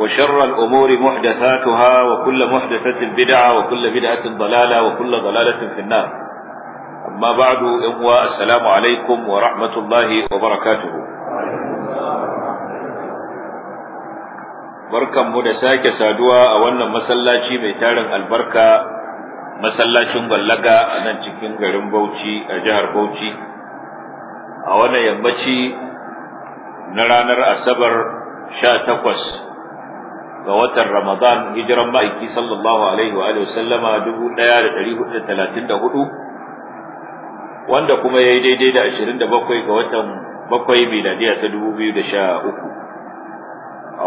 وشر الأمور محدثاتها وكل محدثة بدعة وكل بدعة ضلالة وكل ضلالة في النار أما بعد إموى السلام عليكم ورحمة الله وبركاته barkan mu da sake saduwa a wannan masallaci mai tarin albarka masallacin ballaga a nan cikin garin Bauchi a jihar Bauchi a wannan yammaci na ranar Asabar 18 ga watan Ramadan hijiran ma'aiki sallallahu alaihi wa sallama dubu ɗaya da ɗari hudu da talatin da hudu wanda kuma ya yi daidai da ashirin da bakwai ga watan bakwai miladiya ta dubu biyu da sha uku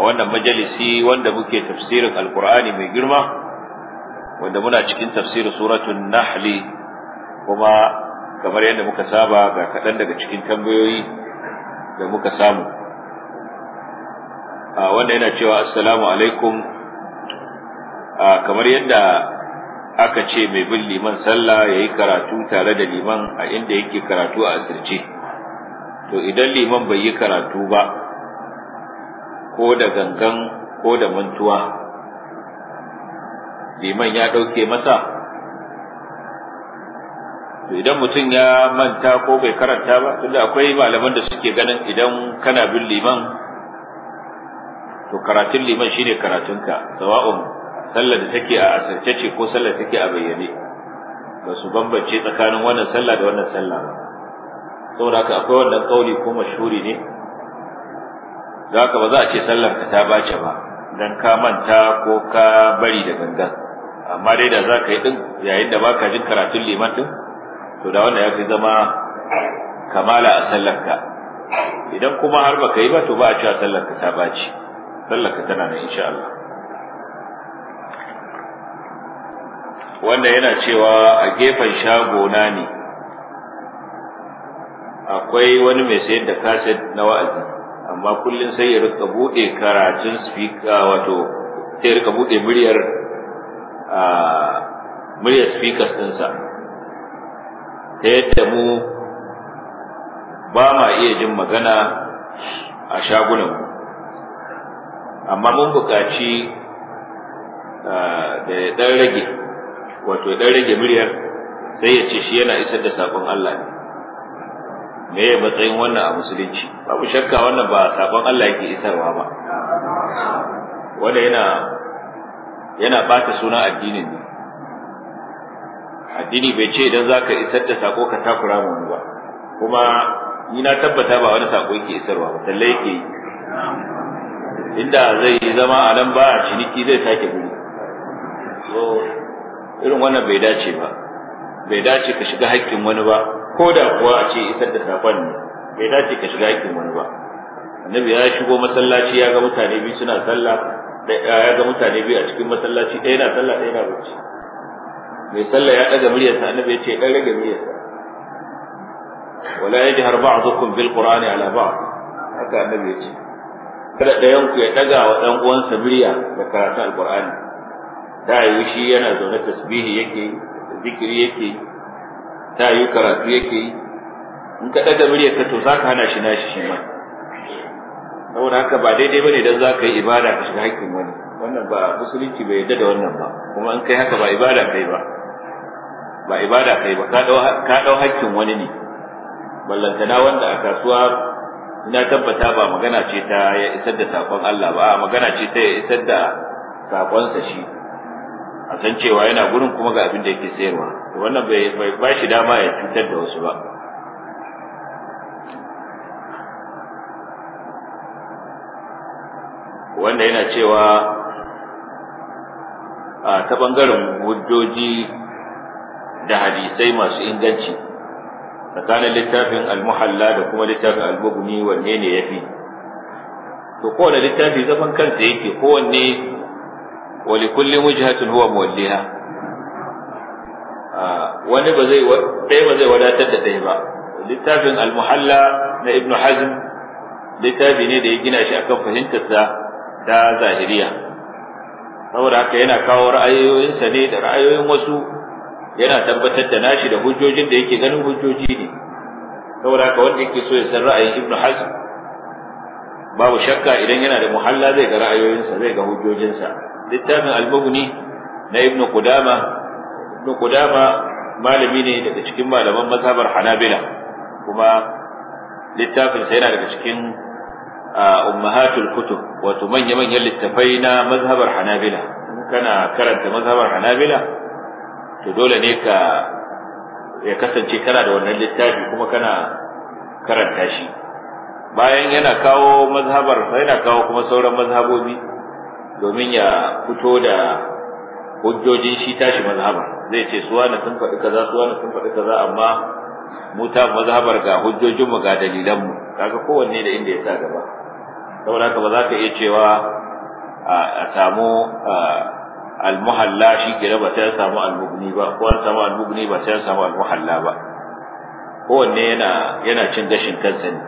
a wannan majalisi wanda muke tafsirin Alƙur'ani mai girma wanda muna cikin tafsirin suratun nahli kuma kamar yadda muka saba ga kaɗan daga cikin tambayoyi da muka samu wanda yana cewa assalamu alaikum kamar yadda aka ce mai bin liman sallah ya yi karatu tare da liman a inda yake karatu a asirce to idan liman bai yi karatu ba ko da gangan ko da mantuwa liman ya ɗauke masa to idan mutum ya manta ko bai karanta ba tunda akwai malaman da suke ganin idan kana bin liman to karatun liman shine karatunka sawa'un sallar da take a asirce ce ko sallar take a bayyane ba su bambance tsakanin wannan sallah da wannan sallah ba saboda haka akwai wannan kauli ko mashhuri ne da haka ba za a ce sallar ka ta bace ba dan ka manta ko ka bari da gangan amma dai da za ka yi din yayin da baka jin karatun liman din to da wannan ya fi zama kamala a sallar ka idan kuma har baka yi ba to ba a cewa sallar ka ta bace sallaka tana nan insha Allah wanda yana cewa a gefen shago na ne akwai wani mai sayar da kaset na wa'azi amma kullum sai ya rika bude karatun speaker wato sai ya rika bude muryar muryar speakers ɗinsa ta yadda mu ba ma iya jin magana a shagunan amma mun buƙaci da ya ɗan rage wato ya ɗan rage muryar sai ya ce shi yana isar da saƙon Allah ne me ya matsayin wannan a musulunci babu shakka wannan ba saƙon Allah yake isarwa ba wanda yana yana bata suna addinin ne addini bai ce idan zaka isar da saƙo ka takura mu ba kuma ni na tabbata ba wani saƙo yake isarwa ba talle yake yi inda zai zama a nan ba a ciniki zai sake gudu so irin wannan bai dace ba bai dace ka shiga haƙƙin wani ba ko da kuwa a ce isar da safon ne bai dace ka shiga haƙƙin wani ba annabi ya shigo masallaci ya ga mutane biyu suna sallah ya ga mutane biyu a cikin masallaci ɗaya na sallah ɗaya na bacci mai sallah ya ɗaga muryarsa annabi ya ce ɗan rage muryarsa wala yajhar ba'dukum bil qur'ani ala ba'd haka annabi ya ce kada ɗayan ku ya ɗaga wa ɗan uwansa murya da karatun alqur'ani ta yi shi yana zaune tasbihi yake yi zikiri yake yi ta yi karatu yake yi in ka ɗaga murya ka to za ka hana shi nashi shi ma saboda haka ba daidai bane dan za ka yi ibada ka shiga haƙƙin wani wannan ba musulunci bai yarda da wannan ba kuma in kai haka ba ibada kai ba ba ibada kai ba ka dau haƙƙin wani ne ballantana wanda a kasuwa na tabbata ba magana ce ta ya isar da sakon Allah ba magana ce ta ya isar da sakonsa shi a san cewa yana gurin kuma ga abin da yake sayarwa wannan bai ba shi dama ya cutar da wasu ba wanda yana cewa a ta bangaren hujjoji da hadisai masu inganci tsakanin littafin al da kuma littafin al wanne ne ya fi? to kowane littafi zaman kansa yake kowanne wa li kulli wajhatin huwa muwalliha ah, wani ba zai ɗaya ba zai wadatar da ɗaya ba littafin al-muhalla na ibnu hazm littafi ne da ya gina shi akan fahimtarsa ta zahiriya saboda haka yana kawo ra'ayoyinsa ne da ra'ayoyin wasu yana tabbatar da nashi da hujjojin da yake ganin hujjoji ne saboda haka wanda yake so ya san ra'ayin ibnu hazm babu shakka idan yana da muhalla zai ga ra'ayoyinsa zai ga hujjojinsa littafin al-mughni na ibnu qudama ibnu qudama malami ne daga cikin malaman mazhabar hanabila kuma littafin sa yana daga cikin ummahatul kutub wato manya manyan littafai na mazhabar hanabila kana karanta mazhabar hanabila to dole ne ka ya kasance kana da wannan littafi kuma kana karanta shi bayan yana kawo mazhabar yana kawo kuma sauran mazhabobi domin ya fito da hujjojin shi tashi mazhabar zai ce suwa na sun faɗi kaza suwa na sun faɗi kaza amma mu ta mazhabar ga hujjojinmu ga dalilan mu kaga kowanne da inda ya sa gaba saboda haka ba za ka iya cewa a samu almuhalla shi ke ba ta samu almugni ba ko an samu almugni ba ta samu almuhalla ba kowanne yana yana cin gashin kansa ne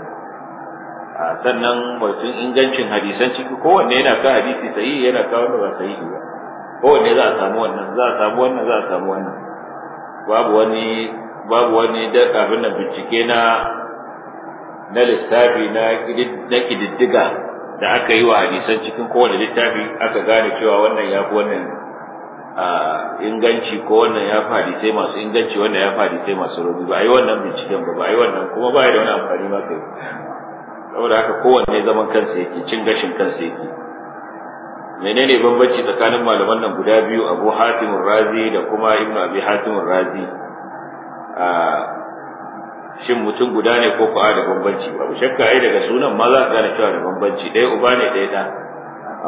sannan batun ingancin hadisan ciki kowanne yana ka hadisi sahihi yana ka da ba sahihi ba kowanne za a samu wannan za a samu wannan za a samu wannan babu wani babu wani da abin nan bincike na na lissafi na ƙididdiga da aka yi wa hadisan cikin kowane littafi aka gane cewa wannan ya fi wannan inganci ko wannan ya faɗi, sai masu inganci wannan ya faɗi, sai masu rauni ba a yi wannan binciken ba ba a yi wannan kuma ba da wani amfani ma kai saboda haka kowanne zaman kansa yake cin gashin kansa yake menene bambanci tsakanin malaman nan guda biyu abu hatim razi da kuma ibnu abi hatim razi a shin mutum guda ne ko kuwa da bambanci ba? babu shakka ai daga sunan ma za ka gane cewa da bambanci ɗaya uba ne ɗaya da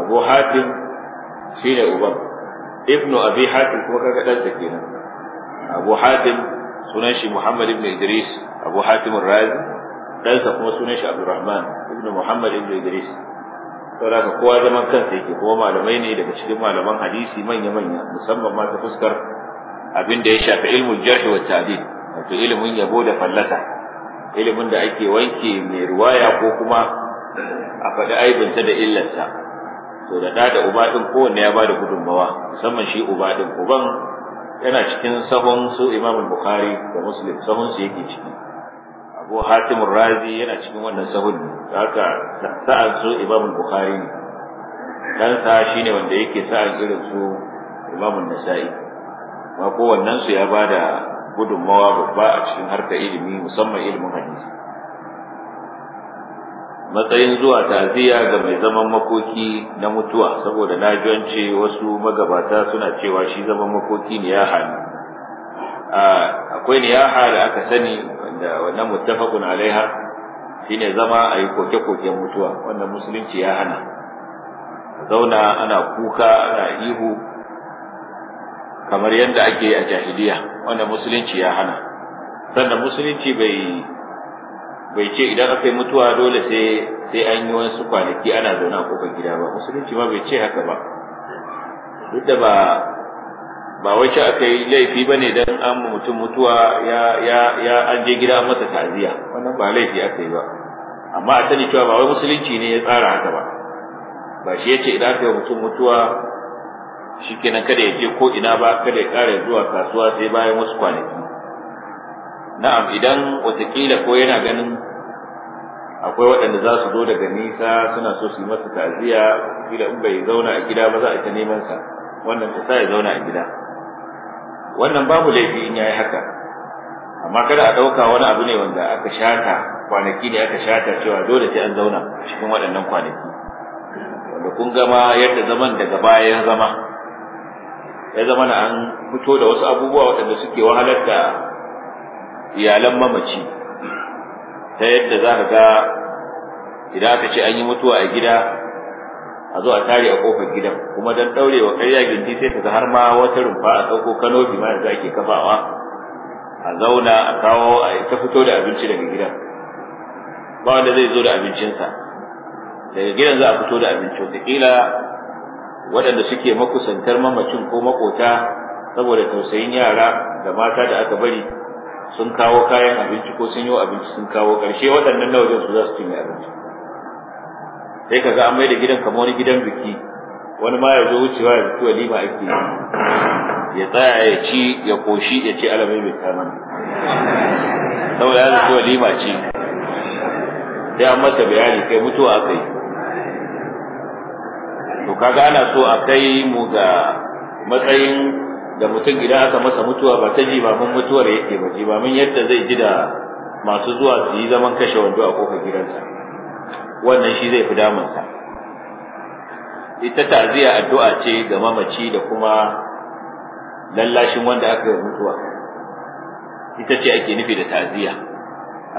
abu hatim shine uban ibnu abi hatim kuma kaga dan sa kenan abu hatim sunan shi muhammad ibn idris abu hatim ar-razi dan sa kuma sunan shi abdurrahman ibnu muhammad ibn idris saboda ka kowa zaman kansa yake kuma malamai ne daga cikin malaman hadisi manya manya musamman ma ta fuskar abin da ya shafi ilmul jarh wa ta'dil wato ilimin yabo da fallasa ilimin da ake wanke mai riwaya ko kuma a faɗi aibinsa da illarsa to da da uba din kowanne ya bada gudunmawa musamman shi uba din uban yana cikin sahun su Imam Bukhari da Muslim sahun su yake ciki Abu Hatim Razi yana cikin wannan sahun haka sa'an su Imam Bukhari ne dan sa shine wanda yake sa'an irin su Imam Nasa'i ma kowannen su ya bada gudunmawa babba a cikin harkar ilimi musamman ilimin hadisi matsayin zuwa ta'aziyya ga mai zaman makoki na mutuwa saboda na ce wasu magabata suna cewa shi zaman makoki ne ya hali akwai ne ya hali aka sani wanda wannan mutafakun alaiha shine zama a yi koke-koken mutuwa wannan musulunci ya hana zauna ana kuka ana ihu kamar yadda ake a jahiliya wannan musulunci ya hana sannan musulunci bai bai ce idan aka yi mutuwa dole sai sai an yi wasu kwanaki ana zaune a kofar gida ba musulunci ma bai ce haka ba duk da ba ba wai aka yi laifi ba ne don an mutum mutuwa ya ya ya an je gida an masa ta'aziyya wannan ba laifi aka yi ba amma a sani cewa ba wai musulunci ne ya tsara haka ba ba shi ce idan aka yi mutum mutuwa shi kenan kada ya je ko ina ba kada ya kare zuwa kasuwa sai bayan wasu kwanaki na'am idan watakila ko yana ganin akwai waɗanda za su zo daga nisa suna so su yi masa ta'aziyya kila in bai zauna a gida ba za a ta neman sa wannan ta sa ya zauna a gida wannan babu laifi in yayi haka amma kada a ɗauka wani abu ne wanda aka shata kwanaki ne aka shata cewa dole sai an zauna a cikin waɗannan kwanaki wanda kun gama yadda zaman daga bayan zama ya zama na an fito da wasu abubuwa waɗanda suke wahalar da iyalan mamaci ta yadda za ka ga idan aka ce an yi mutuwa a gida a zo a tare a kofar gidan kuma don ɗaurewa karya gindi sai ka har ma wata rumfa a ɗauko kano kanofi ma yanzu ake kafawa a zauna a kawo a ta fito da abinci daga gidan ba wanda zai zo da abincinsa daga gidan za a fito da abinci wataƙila waɗanda suke makusantar mamacin ko makota saboda tausayin yara da mata da aka bari sun kawo kayan abinci ko sun yi abinci sun kawo ƙarshe waɗannan na su za su cinye abinci sai ka ga an mai da gidan kamar wani gidan biki wani ma ya zo wucewa ya fito walima ake ya tsaya ya ci ya koshi ya ce alamai bai kama saboda ya zuwa walima ce sai an masa bayani kai mutuwa aka yi to kaga ana so a kai mu ga matsayin da mutum gida aka masa mutuwa ba ta ji mun mutuwar yake ba jimamin yadda zai ji da masu zuwa su yi zaman kashe wando a kofar gidansa wannan shi zai fi damunsa ita ta'aziyya addu'a ce ga mamaci da kuma lallashin wanda aka yi mutuwa ita ce ake nufi da ta'aziyya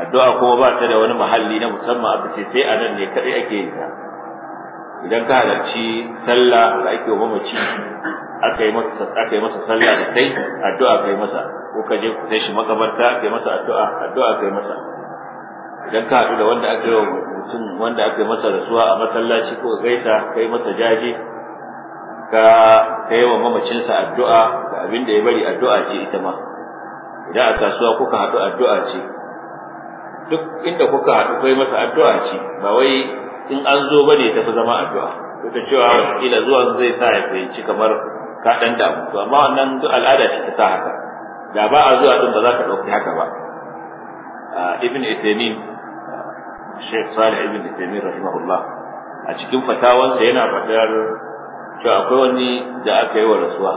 addu'a kuma ba ta da wani muhalli na musamman a ce sai a nan ne kadai ake yin ta idan ka halarci sallah da ake wa mamaci aka yi masa aka sallah da kai addu'a kai masa ko ka je kai shi makabarta kai masa addu'a addu'a kai masa idan ka haɗu da wanda aka yi wa mutum wanda aka yi masa rasuwa a masallaci ko gaisa kai masa jaje ka kai wa mamacinsa addu'a da abin da ya bari addu'a ce ita ma idan a kasuwa kuka haɗu addu'a ce duk inda kuka haɗu kai masa addu'a ce ba wai in an zo bane tafi zama addu'a duk da cewa kila zuwan zai sa ya fahimci kamar ka dan damu to amma wannan duk al'ada ce ta sa haka da ba a zuwa din ba za ka dauki haka ba ibn Uthaymeen Sheikh Salih ibn Uthaymeen rahimahullah a cikin fatawansa yana fadar To akwai wani da aka yi wa rasuwa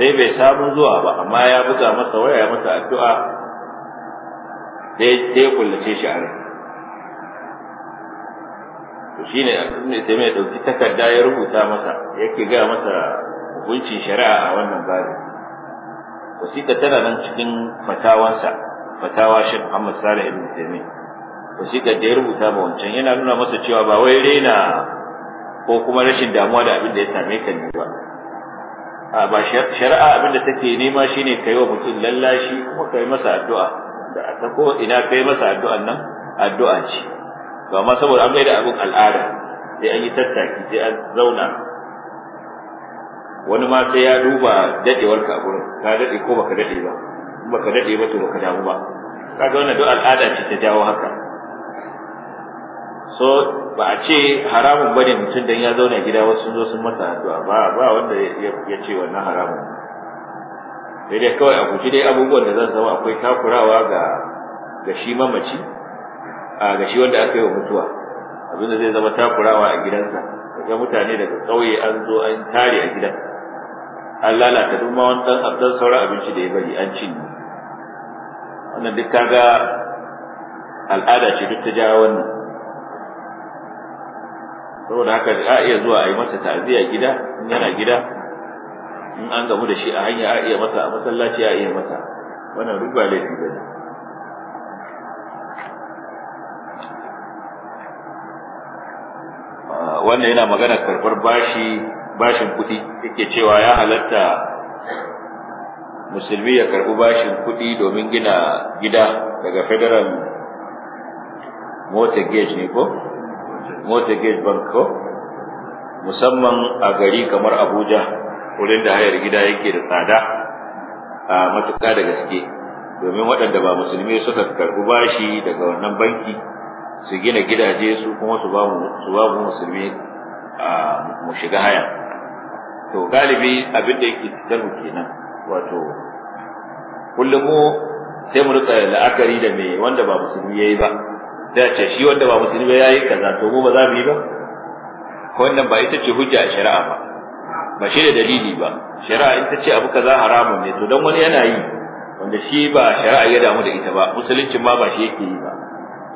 sai bai samu zuwa ba amma ya buga masa waya ya masa addu'a sai sai kullace shi a rai to shine ibn mai dauki takarda ya rubuta masa yake ga masa hukuncin shari'a a wannan babu wasiƙa tana nan cikin fatawansa fatawa shi Muhammad Salih ibn Taymiya wasiƙa da ya rubuta ba wancan yana nuna masa cewa ba wai rena ko kuma rashin damuwa da abin da ya same ka ne ba a ba shari'a abin da take nema shine kai wa mutum lallashi kuma kai masa addu'a da ta ko ina kai masa addu'an nan addu'a ce to amma saboda an maida abin al'ada sai an yi tattaki sai an zauna wani ma sai ya duba dadewar ka gurin ka dade ko baka dade ba in baka dade ba to baka damu ba kaga wannan duk al'ada ce ta jawo haka so ba a ce haramun bane mutum dan ya zauna gida wasu zo sun masa addu'a ba ba wanda ya ce wannan haramun sai dai kawai a guji dai abubuwan da zan zama akwai takurawa ga ga shi mamaci ga shi wanda aka yi wa mutuwa abin da zai zama takurawa a gidansa ga mutane daga ƙauye an zo an tare a gidan an lalata duk ma wani abdan sauran abinci da ya bari an cinye wannan duk kaga al'ada ce duk ta ja wannan saboda haka a iya zuwa a yi masa ta'aziyya gida in yana gida in an gamu da shi a hanya a iya masa a masallaci a iya masa wannan duk ba laifi wannan yana magana karɓar bashi bashin kuɗi yake cewa ya halatta musulmi ya karɓi bashin kuɗi domin gina gida daga federal gauge ne ko mortgage bank ko musamman a gari kamar abuja wurin da hayar gida yake da tsada a matuƙa da gaske domin waɗanda ba musulmi suka karɓi bashi daga wannan banki su gina gidaje su kuma su ba mu musulmi mu shiga haya to galibi abin da yake fitar mu kenan wato kullum mu sai mu rika la'akari da me wanda ba musulmi yayi ba da ce shi wanda ba musulmi yayi kaza to mu ba za mu yi ba wannan ba ita ce hujja a shari'a ba ba shi da dalili ba shari'a in ta ce abu kaza haramun ne to dan wani yana yi wanda shi ba shari'a ya damu da ita ba musulunci ma ba shi yake yi ba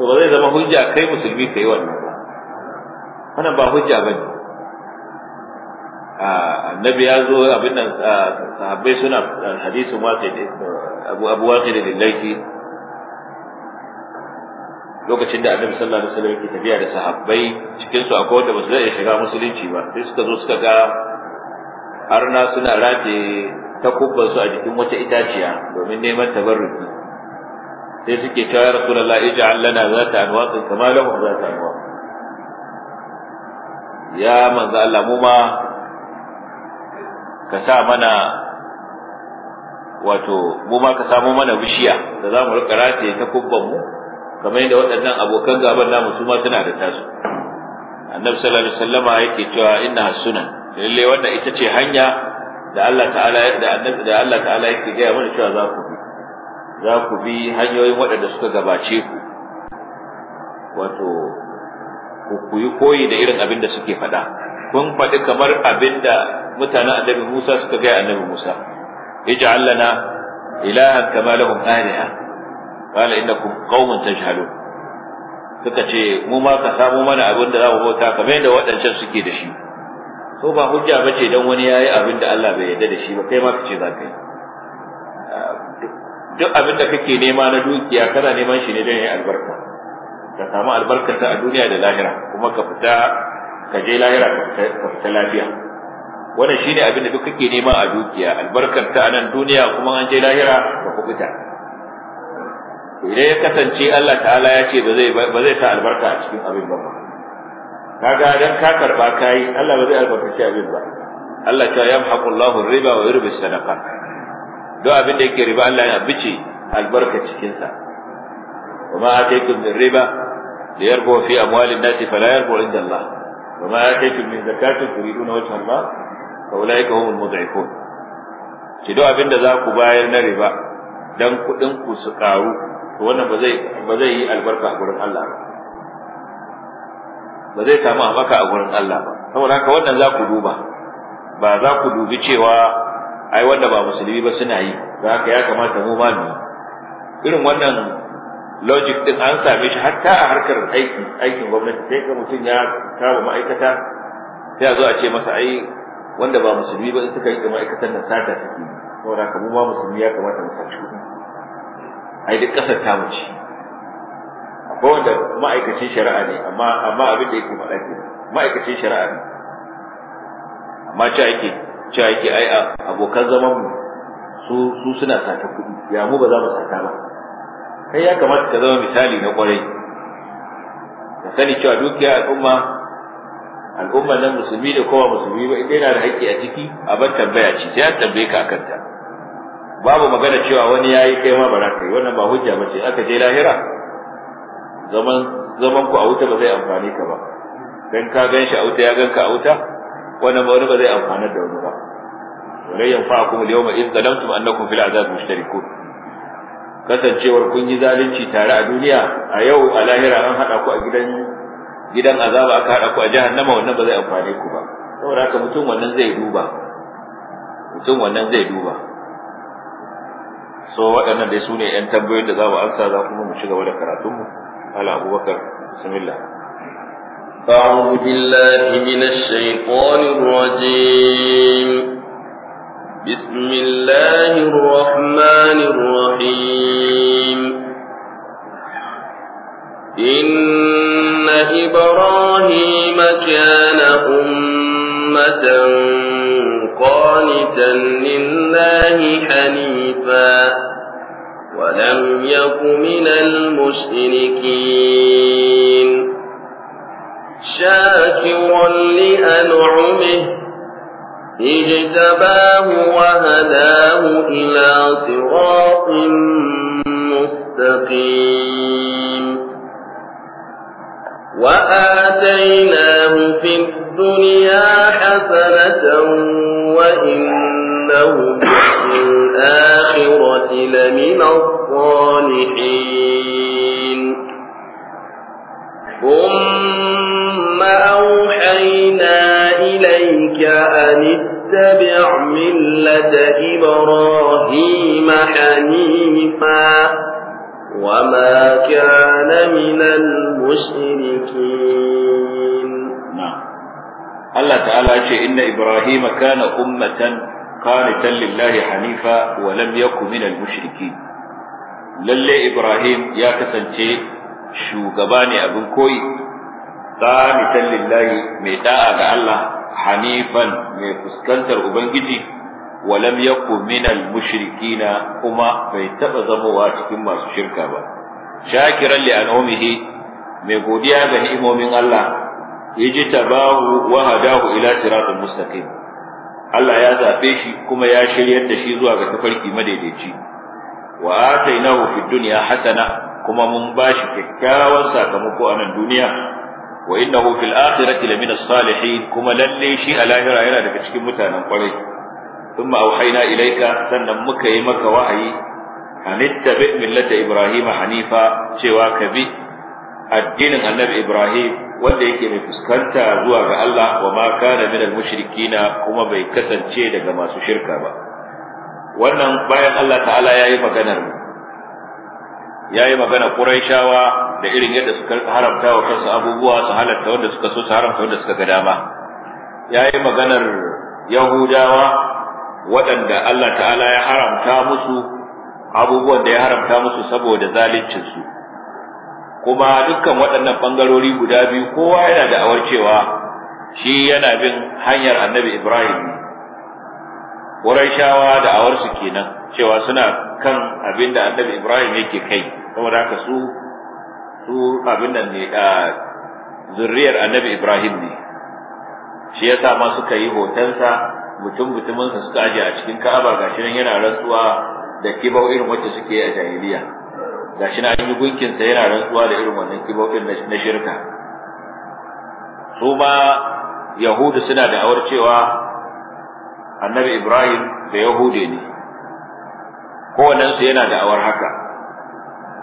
to ba zai zama hujja kai musulmi kai wannan ba wannan ba hujja ba ne annabi ya zo abin nan sahabbai suna hadisin waqid abu abu waqid lillahi lokacin da annabi sallallahu alaihi wasallam yake tafiya da sahabbai cikin su akwai wanda ba su zai shiga musulunci ba sai suka zo suka ga arna suna rataye takubban su a jikin wata itaciya domin neman tabarruki sai suke cewa ya rasulullah za ta zata anwaqin kama lahu zata anwaq ya manzo Allah mu ma ka sa mana wato mu ma ka samu mana bishiya da za mu rika rataye ta kubban mu kamar yadda waɗannan abokan gaban namu su ma suna da tasu annabi sallallahu alaihi wasallama yake cewa inna sunan lalle wannan ita ce hanya da Allah ta'ala da annabi da Allah ta'ala yake ga mana cewa za ku za ku bi hanyoyin waɗanda suka gabace ku wato ku yi koyi da irin abin da suke faɗa kun faɗi kamar abin da mutanen annabi Musa suka gaya annabi Musa ija allana ilahan kama lahum aliha qala innakum qaumun tajhalun suka ce mu ma ka samu mana abin da za mu bauta kamar yadda waɗancan suke da shi so ba hujja bace dan wani yayi abin da Allah bai yarda da shi ba kai ma ka ce za ka yi duk abin da kake nema na dukiya kana neman shi ne don ya albarka ka samu albarkar ta a duniya da lahira kuma ka fita ka je lahira ka fita lafiya wannan shine abin da duk kake nema a dukiya albarkar ta a nan duniya kuma an je lahira ka kubuta idan ya kasance Allah ta'ala ya ce ba zai ba zai sa albarka a cikin abin ba kaga dan ka karba kai Allah ba zai albarkaci abin ba Allah ta yamhaqu Allahu riba wa yurbi sadaqah duk abin da yake riba Allah yana bice albarka cikin sa wa ma ataykum min riba liyarbu fi amwalin nasi fala yarbu inda Allah wa ma ataykum min zakatin turiduna wajha Allah fa ulaika humul mud'ifun ki duk abin da za ku bayar na riba dan kudin ku su karu to wannan ba zai ba zai yi albarka a gurin Allah ba ba zai samu a maka a gurin Allah ba saboda haka wannan za ku duba ba za ku dubi cewa ai wanda ba musulmi ba suna yi don haka ya kamata mu ma mu irin wannan logic din an same shi hatta a harkar aiki aikin gwamnati sai ka mutum ya kama ma'aikata sai a zo a ce masa ai wanda ba musulmi ba in suka yi da ma'aikatan nan sata take saboda haka mu ma musulmi ya kamata mu sace ai duk kasar ta mu akwai wanda ma'aikacin shari'a ne amma amma abin da yake faɗa ke ma'aikacin shari'a ne amma ci ake cewa yake ai abokan zaman mu su su suna sata kuɗi ya mu ba za mu sata ba kai ya kamata ka zama misali na kwarai ka sani cewa dukiya al'umma al'umma na musulmi da kowa musulmi ba idan yana da haƙƙi a ciki a bar tambaya ce sai an tambaye ka akan ta babu magana cewa wani yi kai ma ba za ka yi wannan ba hujja ba ce aka je lahira zaman zaman ku a wuta ba zai amfane ka ba dan ka gan shi a wuta ya gan ka a wuta wannan ba wani ba zai amfana da wani ba wala yanfa'akum al-yawma idh fila za su azab mushtarikun kasancewar kun yi zalunci tare a duniya a yau a lahira an hada ku a gidan gidan azaba aka hada ku a jihar Nama wannan ba zai amfane ku ba saboda haka mutum wannan zai duba mutum wannan zai duba so waɗannan dai su ne 'yan tambayoyin da za mu amsa za kuma mu ci gaba da karatunmu ala abubakar bismillah أعوذ بالله من الشيطان الرجيم بسم الله الرحمن الرحيم إن إبراهيم كان أمة قانتا لله حنيفا ولم يك من المشركين شاكرا لأنعمه اجتباه وهداه إلى صراط مستقيم وآتيناه في الدنيا حسنة وإنه في الآخرة لمن الصالحين ثم أوحينا إليك أن اتبع ملة إبراهيم حنيفا وما كان من المشركين نعم الله تعالى إن إبراهيم كان أمة قانتا لله حنيفا ولم يكن من المشركين للي إبراهيم يا kasance shugaba ne abin koyi tallin lillahi mai da'a ga Allah hanifan mai fuskantar ubangiji walam yakun minal mushrikina kuma bai taɓa zamowa cikin masu shirka ba shakiran li anomihi mai godiya ga ni'imomin Allah ji tabahu wa hadahu ila siratal mustaqim Allah ya zabe shi kuma ya shiryar da shi zuwa ga tafarki madaidaici wa atainahu fid dunya hasana kuma mun bashi kyakkyawan sakamako a nan duniya wa innahu fil akhirati lamina salihin kuma lalle shi a lahira yana daga cikin mutanen kwarai thumma auhayna ilayka sannan muka yi maka wahayi anittabi millata ibrahim hanifa cewa ka bi addinin annabi ibrahim wanda yake mai fuskanta zuwa ga Allah wa ma kana minal mushrikina kuma bai kasance daga masu shirka ba wannan bayan Allah ta'ala yayi maganar mu ya yi magana ƙuraishawa da irin yadda suka haramta wa kansu abubuwa su halatta wanda suka so su haramta wanda suka ga dama ya yi maganar yahudawa waɗanda Allah ta'ala ya haramta musu abubuwan da ya haramta musu saboda zalincinsu kuma dukkan waɗannan ɓangarori guda biyu kowa yana da awar cewa shi yana bin hanyar annabi ibrahim Qurayshawa da awarsu kenan cewa suna kan abin da Annabi Ibrahim yake kai saboda haka su su abin da ne da zuriyar Annabi Ibrahim ne shi sa ma suka yi hotonsa mutum mutuminsa suka aje a cikin Ka'aba gashi nan yana rantsuwa da kibau irin wacce suke a jahiliya gashi nan an yi gunkinsa yana rantsuwa da irin wannan kibau din na shirka su ba yahudu suna da awar cewa annabi ibrahim da yahude ne kowannensu yana da'awar haka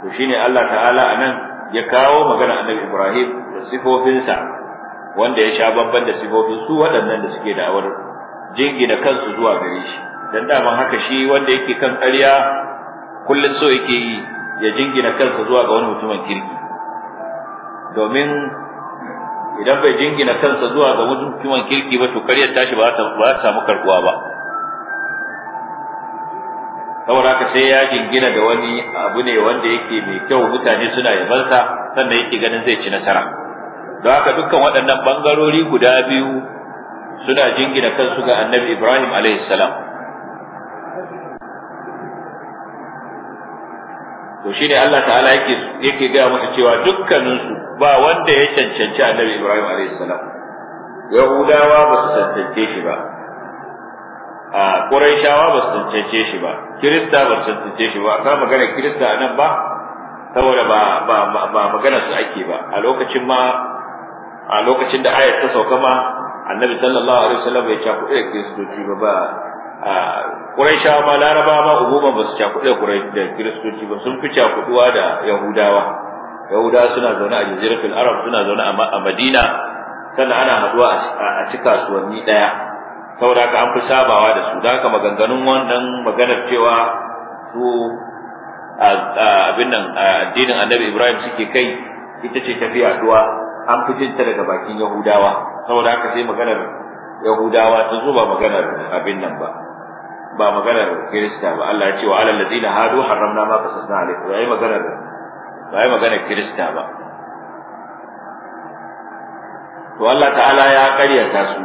to shine allah ta'ala anan ya kawo magana annabi ibrahim da sifofinsa wanda ya sha babban da sifofin su waɗannan da suke da'awar jingina kansu zuwa gare shi dan daman haka shi wanda yake kan ƙarya kullum so yake yi ya jingina kansa zuwa ga wani mutumin kirki domin idan bai jingina kansa zuwa ga mutumin kirki ba to kariyar tashi ba ta samu karbuwa ba saboda haka sai ya jingina da wani abu ne wanda yake mai kyau mutane suna yabansa sannan yake ganin zai ci nasara don haka dukkan waɗannan bangarori guda biyu suna jingina kansu ga annabi ibrahim alaihi salam to shine Allah ta'ala yake yake ga musu cewa dukkaninsu ba wanda ya cancanci annabi Ibrahim alaihi salam Yahudawa ba su cancance shi ba a Quraishawa ba su cancance shi ba Kirista ba su cancance shi ba ka magana Kirista anan ba saboda ba ba ba magana su ake ba a lokacin ma a lokacin da ayat ta sauka ma annabi sallallahu alaihi wasallam bai ce ku da kiristoci ba ba Qurayshawa ma Laraba ma umuman ba su cakuɗe da Kiristoci ba sun fi cakuɗuwa da Yahudawa Yahudawa suna zaune a Jaziratul Arab suna zaune a Madina sannan ana haɗuwa a ci kasuwanni ɗaya saboda haka an fi sabawa da su da maganganun wannan maganar cewa su abin nan addinin Annabi Ibrahim suke kai ita ce tafi haɗuwa an fi jinta daga bakin Yahudawa saboda haka sai maganar Yahudawa ta zo ba maganar abin nan ba ba maganar kirista ba Allah ya ce wa alal ladina hadu haramna ma qasasna alaikum ba yi maganar ba yi maganar kirista ba to Allah ta'ala ya karyata su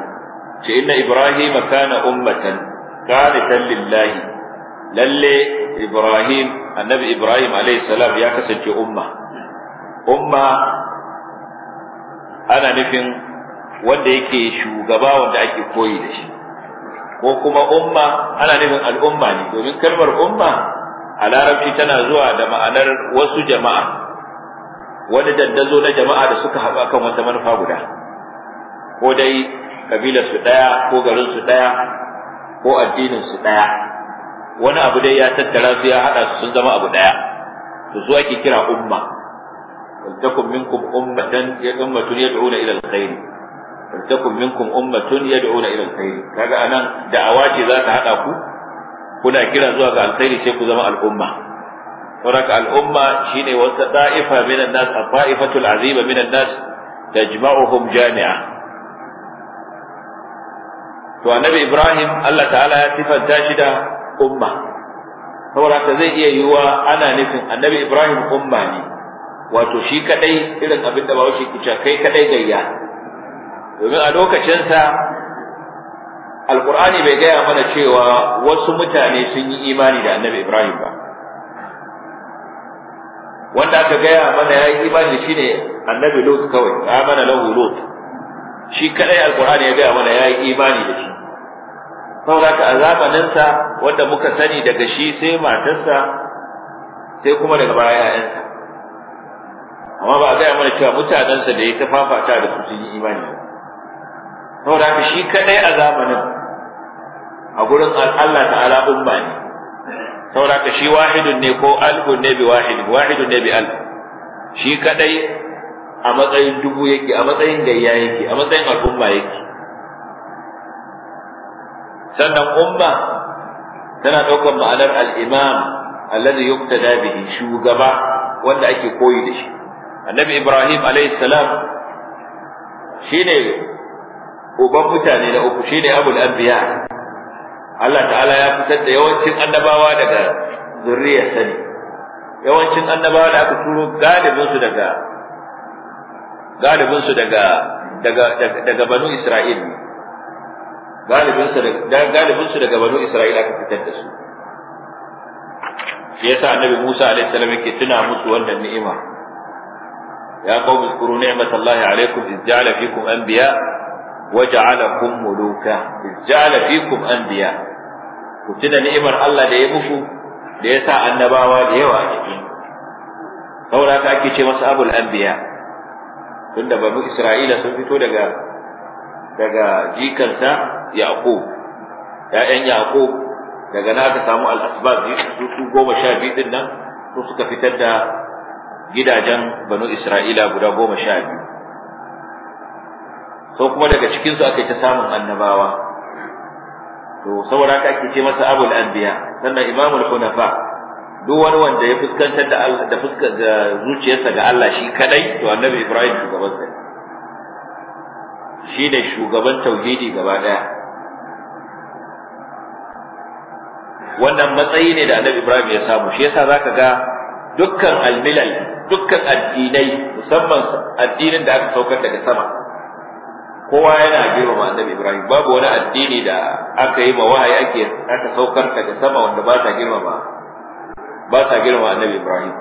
ce inna ibrahima kana ummatan qanitan lillahi lalle ibrahim annabi ibrahim alaihi salam ya kasance umma umma ana nufin wanda yake shugaba wanda ake koyi da shi ko kuma umma ana nufin al'umma ne domin kalmar umma a larabci tana zuwa da ma'anar wasu jama'a wani dandazo na jama'a da suka haɗu akan wata manufa guda ko dai kabilar su ɗaya ko garin su ɗaya ko addinin su ɗaya wani abu dai ya tattara su ya haɗa su sun zama abu ɗaya to zuwa ke kira umma ولتكن منكم أمة أمة يدعون إلى الخير takum minkum ummatun yad'una ila alkhair kaga anan da'awa ce za ta hada ku kuna kira zuwa ga alkhairi sai ku zama al'umma saboda al'umma shine wata da'ifa min nas ta'ifatul azima minan nas tajma'uhum jami'a to annabi ibrahim Allah ta'ala ya sifanta shi da umma saboda zai iya yiwa ana nufin annabi ibrahim umma ne wato shi kadai irin abin da bawo shi kica kai kadai gayya domin a lokacinsa alkur'ani bai gaya mana cewa wasu mutane sun yi imani da annabi ibrahim ba wanda aka gaya mana ya yi imani shi ne annabi lut kawai amana lahu lut shi kadai alkur'ani ya gaya mana ya yi imani da shi saboda a zamaninsa wanda muka sani daga shi sai matarsa sai kuma daga baya 'ya'yansa amma ba a gaya mana cewa mutanensa da ya ta fafata da su sun yi imani ba saboda ka shi kadai a zamanin a gurin Allah ta'ala umma ne saboda ka shi wahidun ne ko alhu ne bi wahid wahidun ne bi al shi kadai a matsayin dubu yake a matsayin gayya yake a matsayin al'umma yake sannan umma tana ɗaukar ma'anar al'imam alladhi yuqtada bihi shugaba wanda ake koyi da shi annabi ibrahim alayhi salam shine uban mutane na uku shine abul anbiya Allah ta'ala ya fitar da yawancin annabawa daga zuriyar sani yawancin annabawa da aka turo galibin su daga galibin su daga daga daga banu Isra'il galibin su daga galibin su daga banu Isra'il aka fitar da su shi yasa annabi Musa alaihi salam yake tuna musu wannan ni'ima ya qawmi zkuru ni'matallahi alaikum iz ja'ala fikum anbiya' waja'alakum muluka ja'ala fikum anbiya ku tuna ni'imar Allah da ya muku da ya sa annabawa da yawa a cikin saboda haka ake ce masa abul anbiya tunda banu Isra'ila sun fito daga daga jikansa Yaqub ya'yan Yaqub daga na aka samu al-asbab su goma sha biyu din nan su suka fitar da gidajen banu Isra'ila guda goma sha biyu Sau kuma daga cikin su aka yi ta samun annabawa to saboda haka ake ce masa abul anbiya sannan imamul hunafa duk wani wanda ya fuskantar da Allah da fuska ga zuciyarsa ga Allah shi kadai to annabi Ibrahim shugaban sa shi ne shugaban tauhidi gaba daya wannan matsayi ne da annabi Ibrahim ya samu shi yasa zaka ga dukkan almilal dukkan addinai musamman addinin da aka saukar daga sama kowa yana girma annabi Ibrahim babu wani addini da aka yi ma wahayi ake aka saukar da sama wanda ba ta girmama ba ta girma annabi Ibrahim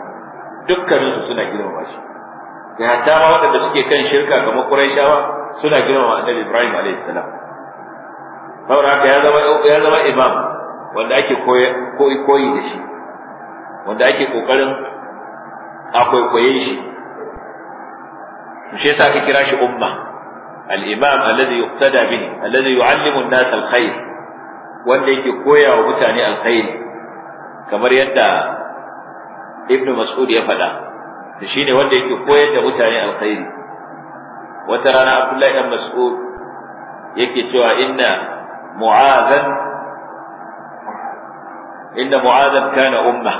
dukkanin su suna girmama shi da hatta ma wanda suke kan shirka kamar Qurayshawa suna girmama annabi Ibrahim alaihi salam saboda haka ya zama ya zama imam wanda ake koyi koyi da shi wanda ake kokarin a kwaikwaye shi shi yasa aka kira shi umma al-imam alladhi yuqtada bihi alladhi yu'allimu an-nas al-khair wanda yake koya wa mutane alkhair kamar yadda ibn mas'ud ya faɗa da shine wanda yake koyar da mutane alkhairi wata rana abdullahi dan mas'ud yake cewa inna mu'azan inna umma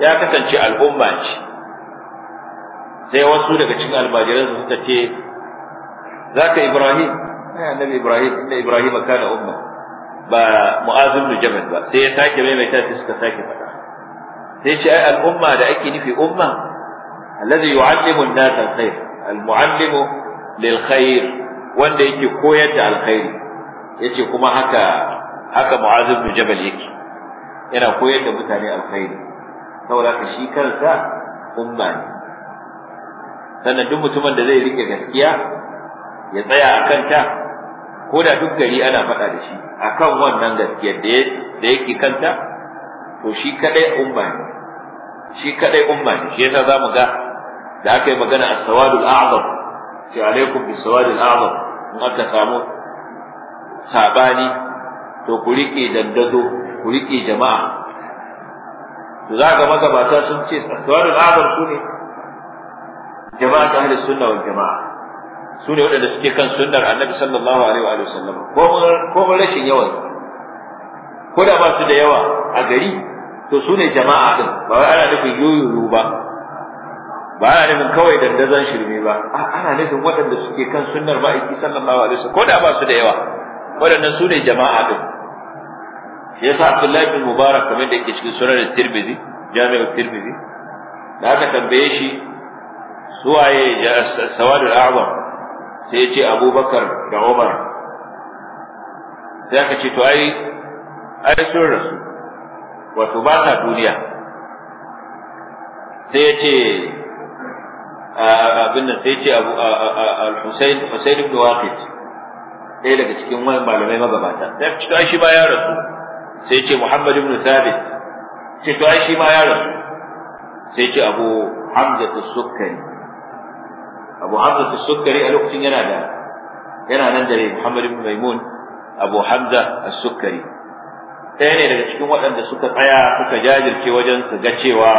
ya kasance al'umma ce sai wasu daga cikin almajiransa suka ce za ka ibrahim ai eh, annabi ibrahim inna ibrahim kana umma ba mu'az ibn jabal ba sai ya sake mai mai tashi suka sake faɗa sai ce ai al'umma da ake nufi umma alladhi yu'allimu an-nas al-khair al-mu'allimu lil khair wanda yake koyar da alkhairi yace kuma haka haka mu'az ibn jabal yake yana koyar da mutane alkhairi saboda shi kansa umma ne sannan duk mutumin da zai rike gaskiya ya tsaya a kanta ko da duk gari ana faɗa da shi a kan wannan gaskiyar da yake kanta to shi kaɗai umma ne shi kaɗai umma ne shi yasa zamu ga da aka yi magana a sawadul a'zam sai alaikum bi sawadul a'zam in aka samu sabani to ku rike dandazo ku rike jama'a to za ga magabata sun ce as-sawadul a'zam ne. jama'a ta hada sunna wa jama'a su ne waɗanda suke kan sunnar annabi sallallahu alaihi wa sallam ko ko rashin yawan ko da ba su da yawa a gari to su ne jama'a din ba wai ana nufin yoyoyo ba ba ana nufin kawai dandazon shirme ba ana nufin waɗanda suke kan sunnar ma'aiki sallallahu alaihi wa sallam ko da ba su da yawa waɗannan su ne jama'a din shi yasa Abdullahi bin Mubarak kamar da yake cikin sunan Tirmidhi jami'u Tirmidhi da aka tambaye shi suwaye sawadul a'zam sai ce abubakar da umar sai aka ce to ai ai sun rasu wato ba sa duniya sai ya ce abin nan sai ya ce abu al-husayn husayn ibn waqid ɗaya daga cikin wani malamai magabata sai ce to ai shi ba ya rasu sai ya ce muhammad ibn thabit sai to ai shi ma ya rasu sai ya ce abu hamza as-sukkari abu hamza su sukkari a lokacin yana da yana nan da muhammad ibn maimun abu hamza a sukkari ɗaya ne daga cikin waɗanda suka tsaya suka jajirce wajen su ga cewa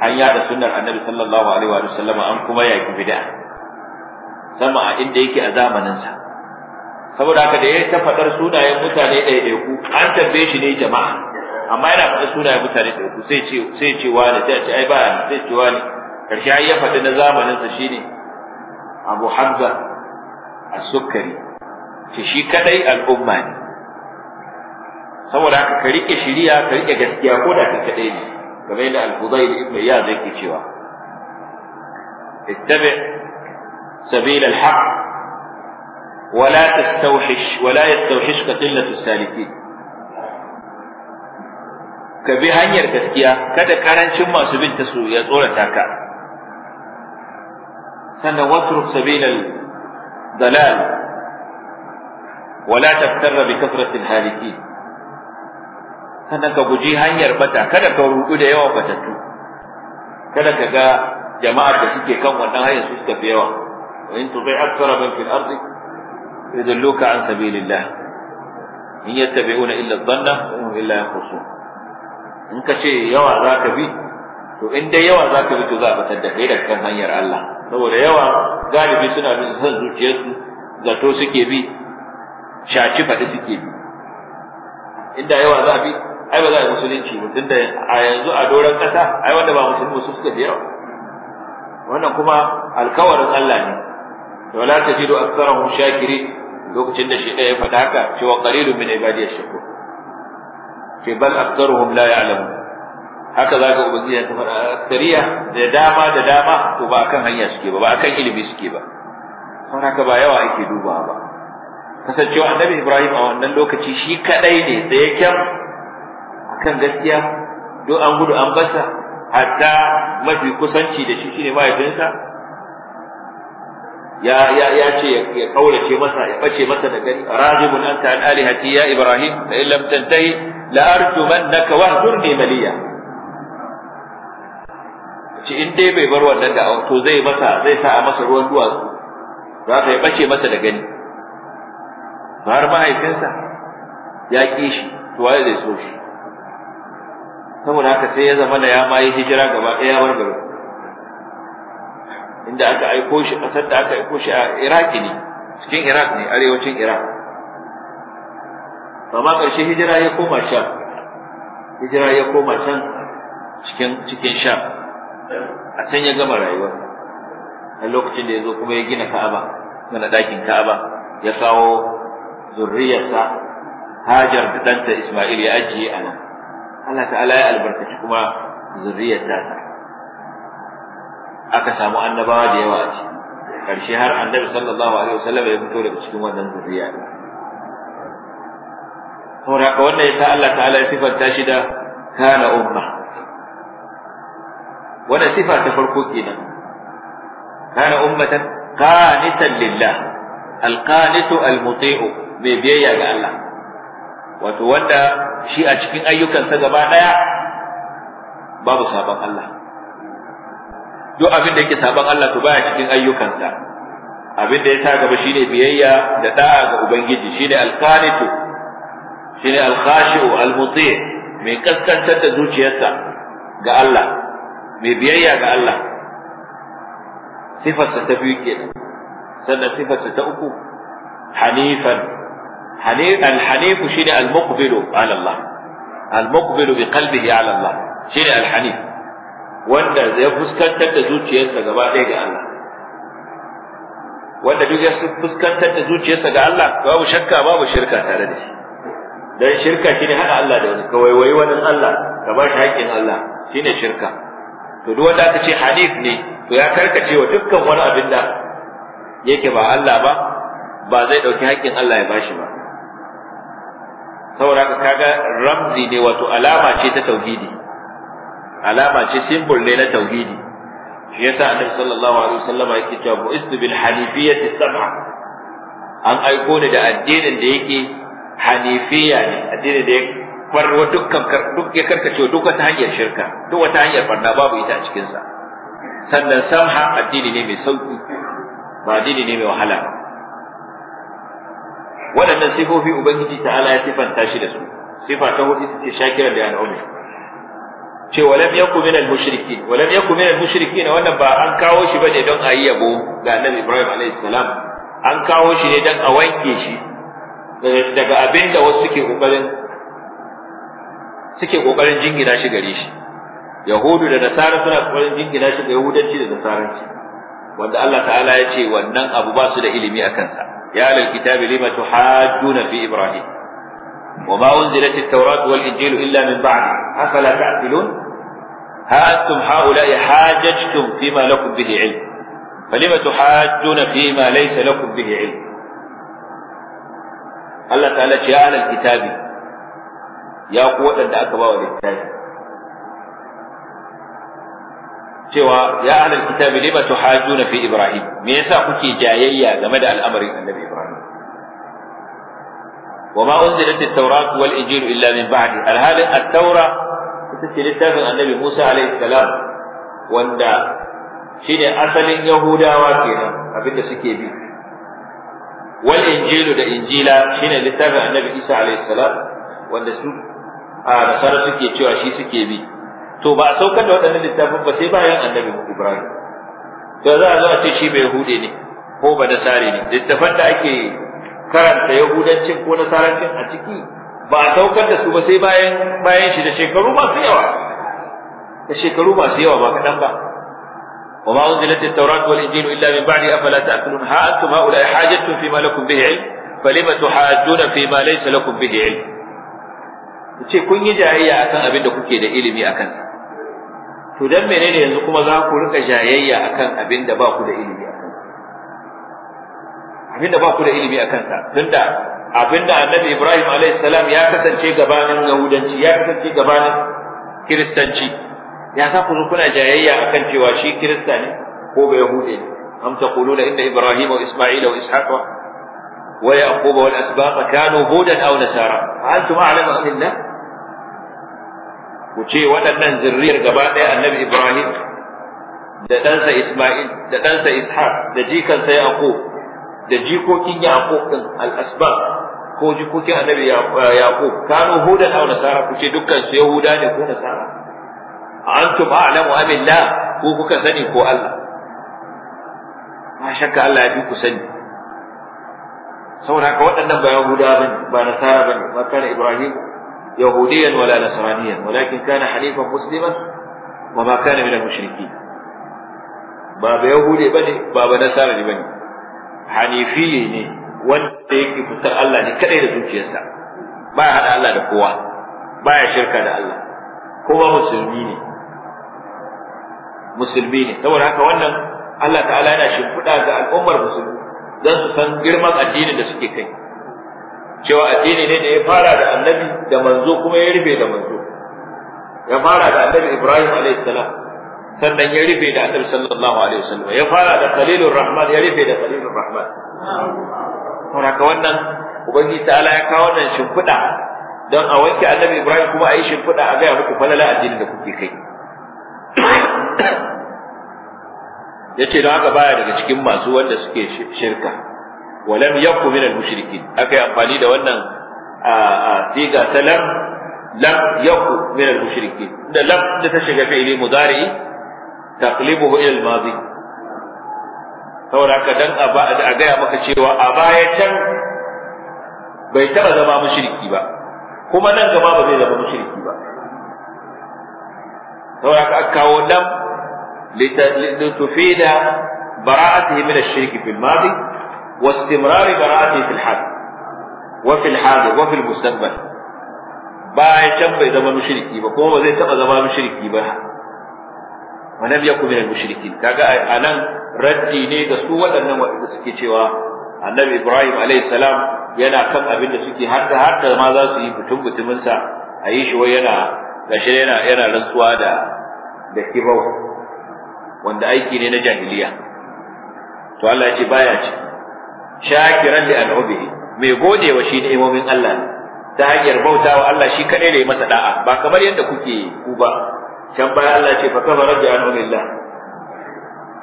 an yada sunnar annabi sallallahu alaihi wa sallam. an kuma yaki bid'a sama a inda yake a zamaninsa saboda haka da ya ta faɗar sunayen mutane ɗaiɗaiku an tambaye shi ne jama'a amma yana faɗar sunayen mutane ɗaiɗaiku sai ce sai ce wani sai ce ai ba sai ce wani karshe ya faɗi na zamaninsa shine abu hamza as-sukkari ce shi kadai al'umma ne saboda haka ka rike shiriya ka rike gaskiya ko da kai kadai ne kamar yadda al-fudayl ibn iyad yake cewa ittabi sabil al-haq ولا تستوحش ولا يستوحشك قلة السالكين ka bi hanyar gaskiya kada karancin masu bin ta su ya tsorata ka سنة واترك سبيل الضلال ولا تفتر بكثرة الهالكين سنة كبجي هاي يربتا كنا كوروكودة يوا بتاتو كنا كجا جماعة تسيكي كم ونهاية سوستة في يوا وإن تضيع أكثر من في الأرض يدلوك عن سبيل الله إن يتبعون إلا الظنة وإنهم إلا يخرصون إنك شيء يوا ذاك بي وإن دي يوا ذاك بي تذاك تدخيلك كم هاي الله saboda yawa galibi suna bin san zuciyarsu zato suke bi shaci faɗi suke bi inda yawa za a bi ai ba za a yi musulunci ba tunda a yanzu a doron ƙasa ai wanda ba musulmi su suka da yawa wannan kuma alkawarin Allah ne da wala tajidu aktsarahum Shakiri lokacin da shi ɗaya faɗa haka cewa qalilun min ibadiyash shakur ce bal aktsaruhum la ya'lamu haka za ka ubangiji ya tafi tariya da dama da dama to ba kan hanya suke ba ba kan ilimi suke ba Kuma haka ba yawa ake duba ba kasancewa annabi ibrahim a wannan lokaci shi kadai ne da ya kyam akan gaskiya do an gudu an basa hatta mafi kusanci da shi shine mahaifinsa ya ya ya ce ya kaurace masa ya bace masa da gari. rajibun anta an alihati ya ibrahim fa illam tantahi la arjumannaka wahdurni maliya ce in dai bai bar wannan da to zai masa zai sa a masa ruwan duwatsu za ka yi bace masa da gani har mahaifinsa ya ƙi shi to waye zai so shi saboda haka sai ya zama da ya ma yi hijira gaba ɗaya bar gaba inda aka aiko shi ƙasar da aka aiko shi a iraki ne cikin iraq ne arewacin iraq amma ƙarshe hijira ya koma sha hijira ya koma can cikin cikin sha a can ya gama rayuwa a lokacin da ya zo kuma ya gina ka'aba mana ɗakin ka'aba ya kawo zurriyarsa hajar da ɗanta isma'il ya ajiye a nan Allah ta'ala ya albarkaci kuma zurriyar ta aka samu annabawa da yawa a ciki karshe har annabi sallallahu alaihi wasallam ya fito daga cikin wannan zurriya saboda haka wannan ya sa Allah ta'ala ya sifanta shi da kana umma wannan sifa ta farko kenan kana ummatan qanitan lillah alqanitu almuti'u mai biyayya ga Allah wato wanda shi a cikin ayyukansa gaba daya babu sabon Allah duk abin da yake sabon Allah to baya cikin ayyukansa abin da ya sa gaba shine biyayya da da'a ga ubangiji shine alqanitu shine alkhashi'u almuti' mai kaskantar da zuciyarsa ga Allah mai biyayya ga Allah sifarsa ta biyu kenan sannan sifarsa ta uku hanifan al-hanifu ne al-muqbilu ala Allah al-muqbilu bi qalbihi ala Allah shine al-hanif wanda ya fuskantar da zuciyarsa gaba ɗaya ga Allah wanda duk ya fuskantar da zuciyarsa ga Allah babu shakka babu shirka tare da shi dan shirka shine hada Allah da wani kawai wai wani Allah ka ba shi haƙƙin Allah shine shirka to duk wanda aka ce hanif ne to ya karkace wa dukkan wani abin da yake ba Allah ba ba zai dauki haƙƙin Allah ya bashi ba saboda kaga ramzi ne wato alama ce ta tauhidi alama ce simbol ne na tauhidi shi yasa annabi sallallahu alaihi wasallama yake cewa bu'istu bil hanifiyyati sab'a an aiko ni da addinin da yake hanifiya ne addinin da yake farwa dukkan duk ya karkace duk wata hanyar shirka duk wata hanyar banda babu ita a cikin sa sannan samha addini ne mai sauki ba addini ne mai wahala ba waɗannan sifofi ubangiji ta'ala ya sifanta shi da su sifa ta hudu ita ce shakira da yan'umi ce walam yakun minal mushrikin walam yakun minal mushrikin wannan ba an kawo shi bane don a yi yabo ga annabi Ibrahim alayhi salam an kawo shi ne don a wanke shi daga abinda wasu suke kokarin suke kokarin jingina shi gare shi yahudu da nasara suna kokarin jingina shi ga yahudanci da nasaranci wanda Allah ta'ala ya ce wannan abu ba su da ilimi a kansa ya lal kitabi lima tuhajjuna fi ibrahim wa ma unzilat at-taurat wal injil illa min ba'di afala ta'qilun ha antum haula'i hajajtum fima lakum bihi ilm فلم تحاجون فيما ليس لكم به علم الله تعالى يا أهل الكتاب ya ku waɗanda aka ba wa littafi cewa ya ahlal kitabi lima tuhajuna fi ibrahim me yasa kuke jayayya game da al'amarin annabi ibrahim وما أنزلت التوراة والإنجيل إلا من بعد الهالة التوراة تتلت النبي موسى عليه السلام وأن shine asalin Yahudawa kenan abinda suke bi wal da injila shine littafin annabi Isa alayhi salam wanda su a nasara suke cewa shi suke bi to ba a saukar da waɗannan littafin ba sai bayan annabi Ibrahim to za a zo a ce shi bai hude ne ko ba nasare ne littafan da ake karanta yahudancin ko nasarancin a ciki ba a saukar da su ba sai bayan bayan shi da shekaru masu yawa da shekaru masu yawa ba kaɗan ba وما أنزلت التوراة والإنجيل إلا من بعد أفلا تأكلون ها أنتم هؤلاء حاجتم فيما لكم به علم فلم تحاجون فيما ليس لكم به علم ku ce kun yi jayayya akan abin da kuke da ilimi akan to dan menene yanzu kuma za ku rika jayayya akan abin da ba ku da ilimi akan abin da ba ku da ilimi akan sa tunda abin da Annabi Ibrahim alaihi salam ya kasance gabanin Yahudanci ya kasance gabanin Kiristanci ya sa ku kuna jayayya akan cewa shi Kirista ne ko ba Yahudi ne am taquluna inna Ibrahim wa Isma'il wa Ishaq ويعقوب والأسباط كانوا هودا أو نسارا أنتم أعلم أم الله ku ce waɗannan zurriyar gaba ɗaya annabi Ibrahim da ɗansa Isma'il da ɗansa Ishaq da jikansa Yaqub da jikokin Yaqub din al-asbab ko jikokin annabi eh, Yaqub kanu hudan aw nasara ku ce dukkan su yahuda ne ko nasara antum a'lamu am billah ko kuka sani ko Allah ma shakka Allah ya fi ku sani saboda haka waɗannan ba yahuda ba nasara bane ba kana Ibrahim يهوديا ولا نصرانيا ولكن كان حنيفا مسلما وما كان من المشركين باب يهودي بني باب نصراني بني حنيفي ne wanda yake fitar Allah ne kadai da zuciyarsa ba ya hada Allah da kowa ba ya shirka da Allah kowa musulmi ne musulmi ne saboda haka wannan Allah ta'ala yana shimfiɗa ga al'ummar musulmi don su san girman addinin da suke kai cewa addini ne da ya fara da annabi da manzo kuma ya rufe da manzo ya fara da annabi Ibrahim alaihi salam sannan ya rufe da annabi sallallahu alaihi wasallam ya fara da khalilur rahman ya rufe da khalilur rahman to ka wannan ubangiji ta'ala ya kawo wannan shimfiɗa don a wanke annabi Ibrahim kuma a yi shimfiɗa a gaya muku falala addini da kuke kai yace don haka baya daga cikin masu wanda suke shirka walam yakun minal mushrikin akai amfani da wannan siga ta lam lam yakun minal mushrikin da lam da ta shiga fi'ili mudari taqlibuhu ila al-madi saboda haka dan a gaya maka cewa a baya can bai taba zama mushriki ba kuma nan gaba ba zai zama mushriki ba saboda haka kawo lam litufida bara'atihi min ash-shirk واستمرار براءته في الحال وفي الحاضر وفي المستقبل باي كان bai zama mushriki ba kuma ba zai taba zama mushriki ba manab yakun min al-mushrikin kaga anan raddi ne ga su waɗannan wanda suke cewa annabi Ibrahim alayhi salam yana kan abin da suke har da ma za su yi butun butumin sa a yi shi wai yana gashi yana yana rantsuwa da da kibau wanda aiki ne na jahiliya to Allah ya ce baya ciki shakiran li al'ubi mai gode wa shi ni'imomin Allah ta hanyar bauta wa Allah shi kadai da ya masa da'a ba kamar yadda kuke ku ba can baya Allah ce fa kafara bi umilla.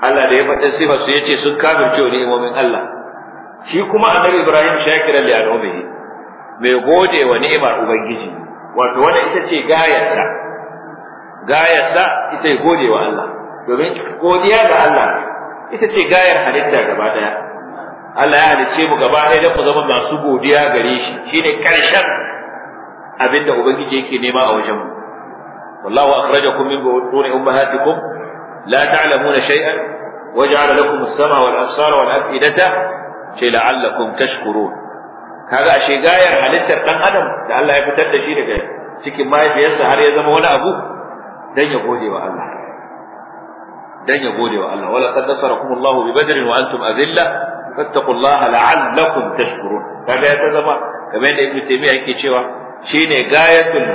Allah da ya fata sifa su yace sun kafirce wa ni'imomin Allah shi kuma annabi Ibrahim shakiran li al'ubi mai gode wa ni'imar ubangiji wato wannan ita ce gayyata? Gayyata ita gode wa Allah domin godiya ga Allah ita ce gayar halitta gaba daya Allah ya halice mu gaba ɗaya don mu zama masu godiya gare shi shine karshen abinda ubangiji yake nema a wajen mu wallahu akhrajakum min butuni ummahatikum la ta'lamuna shay'an waja'ala lakum as-sama wal absara wal af'idata shay la'allakum tashkurun kaga ashe gayar halittar dan adam da Allah ya fitar da shi daga cikin mahaifiyarsa har ya zama wani abu dan ya gode wa Allah dan ya gode wa Allah wala qad nasarakum Allahu bi badrin wa antum azilla fattaqullaha la'allakum tashkurun kaga ya ta zama kamar yadda ibnu taymiya yake cewa shine gayatul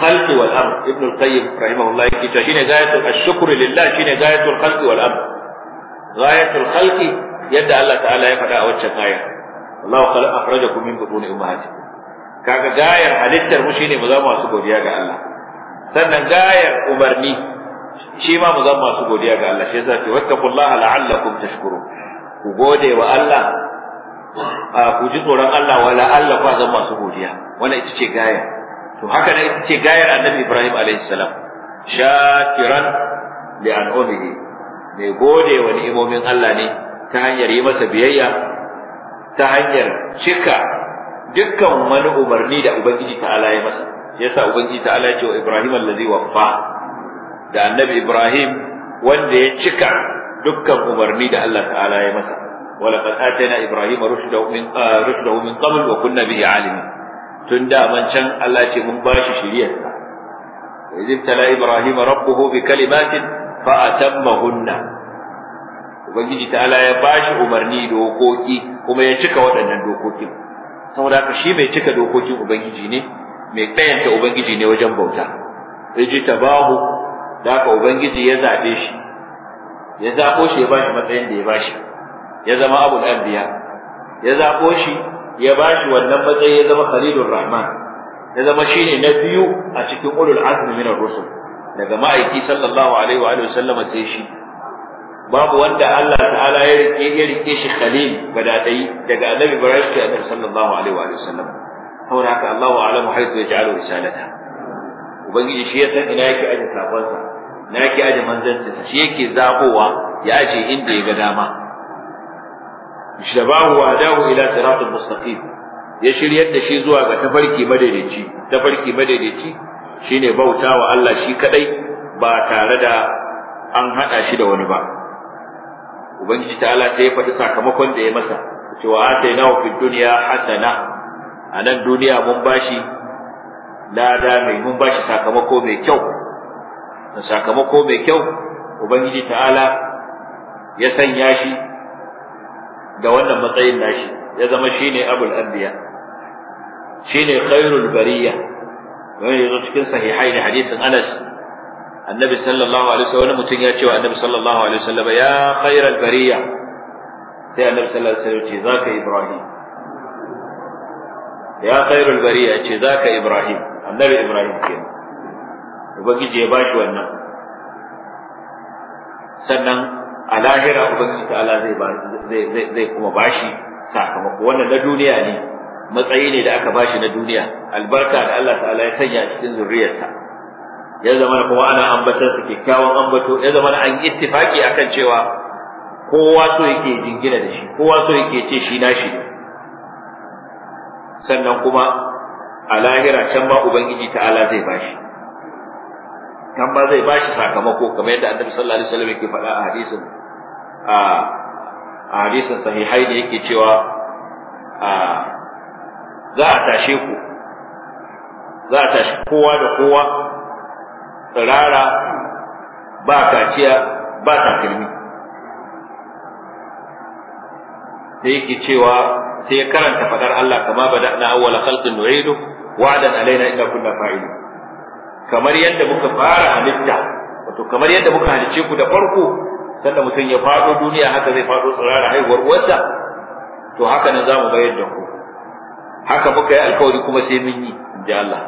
khalqi wal amr ibnu al-qayyim rahimahullah yake cewa shine gayatul ashkuru lillah shine gayatul khalqi wal amr gayatul khalqi yadda Allah ta'ala ya faɗa a waccan aya Allah khalaqa akhrajakum min butuni ummahatikum kaga gayar halittar mu shine mu zama masu godiya ga Allah sannan gayar umarni shi ma mu zama masu godiya ga Allah shi yasa ce wattaqullaha la'allakum tashkurun ku gode wa Allah ku ji tsoron Allah wala Allah ku zama masu godiya wannan ita ce gaya to haka ne ita ce gayar Annabi Ibrahim alaihi salam shakiran li an'umihi mai gode wa ni'imomin Allah ne ta hanyar yi masa biyayya ta hanyar cika dukkan wani umarni da Ubangiji ta'ala ya masa yasa Ubangiji ta'ala ya ce wa Ibrahim allazi waffa da Annabi Ibrahim wanda ya cika dukkan umarni da Allah ta'ala ya masa wala qad atayna ibrahim rushdahu min ah, rushdahu min qabl wa kunna bihi alim tun da man can Allah ce mun ba shi shiriyar sa idan tala ibrahim rabbuhu bi kalimatin fa atammahunna ubangiji ta'ala ya ba shi umarni dokoki kuma ya cika waɗannan dokokin saboda haka shi mai cika dokokin ubangiji ne mai tsayanta ubangiji ne wajen bauta sai ji tabahu da ka ubangiji ya zabe shi ya zaɓo shi ya bashi matsayin da ya bashi ya zama abul anbiya ya zaɓo shi ya bashi wannan matsayi ya zama khalilur rahman ya zama shine na biyu a cikin ulul azmi min ar-rusul daga ma'aiki sallallahu alaihi wa alihi sallama sai shi babu wanda Allah ta'ala ya rike ya rike shi khalil badadai daga annabi ibrahim sai sallallahu alaihi wa alihi sallama saboda haka Allahu a'lamu haythu yaj'alu risalata ubangiji shi ya san ina yake aje sakonsa na yake aje manzancin shi yake zabowa ya aje inda ya ga dama shabahu wadahu ila siratul mustaqim ya shiryar da shi zuwa ga tafarki madaidaici tafarki madaidaici shine bautawa Allah shi kadai ba tare da an hada shi da wani ba ubangiji ta'ala ta ya faɗi sakamakon da ya masa cewa nawa fid dunya hasana a nan duniya mun bashi lada mai mun bashi sakamako mai kyau da sakamako mai kyau ubangiji ta'ala ya sanya shi ga wannan matsayin nashi ya zama shine abul anbiya shine khairul bariya wani yazo cikin sahihai da hadisin Anas annabi sallallahu alaihi wasallam mutum ya ce wa annabi sallallahu alaihi wasallam ya khairal bariya sai annabi sallallahu alaihi wasallam ce zaka ibrahim ya khairul bariya ce zaka ibrahim annabi ibrahim ce. ubangiji ya bashi wannan sannan a lahira ubangiji ta'ala zai zai zai kuma bashi sakamako wannan na duniya ne matsayi ne da aka bashi na duniya albarka da Allah ta'ala ya sanya cikin zuriyarsa ya zama kuma ana ambatar su kyakkyawan ambato ya zama an ittifaki akan cewa kowa so yake jingina da shi kowa so yake ce shi nashi sannan kuma a lahira can ma ubangiji ta'ala zai bashi kan ba zai bashi sakamako kamar yadda annabi sallallahu alaihi wasallam yake faɗa a hadisin a a hadisin sahihai da yake cewa a za a tashe ku za a tashi kowa da kowa tsirara ba kaciya ba takalmi sai yake cewa sai ya karanta faɗar Allah kama bada na awwala khalqin nu'idu wa'dan alaina inna kunna fa'ilin kamar yadda muka fara halitta wato kamar yadda muka halice ku da farko sannan mutum ya faɗo duniya haka zai faɗo tsirara haihuwar uwarsa to haka nan zamu bayar da ku haka muka yi alkawari kuma sai mun yi inji Allah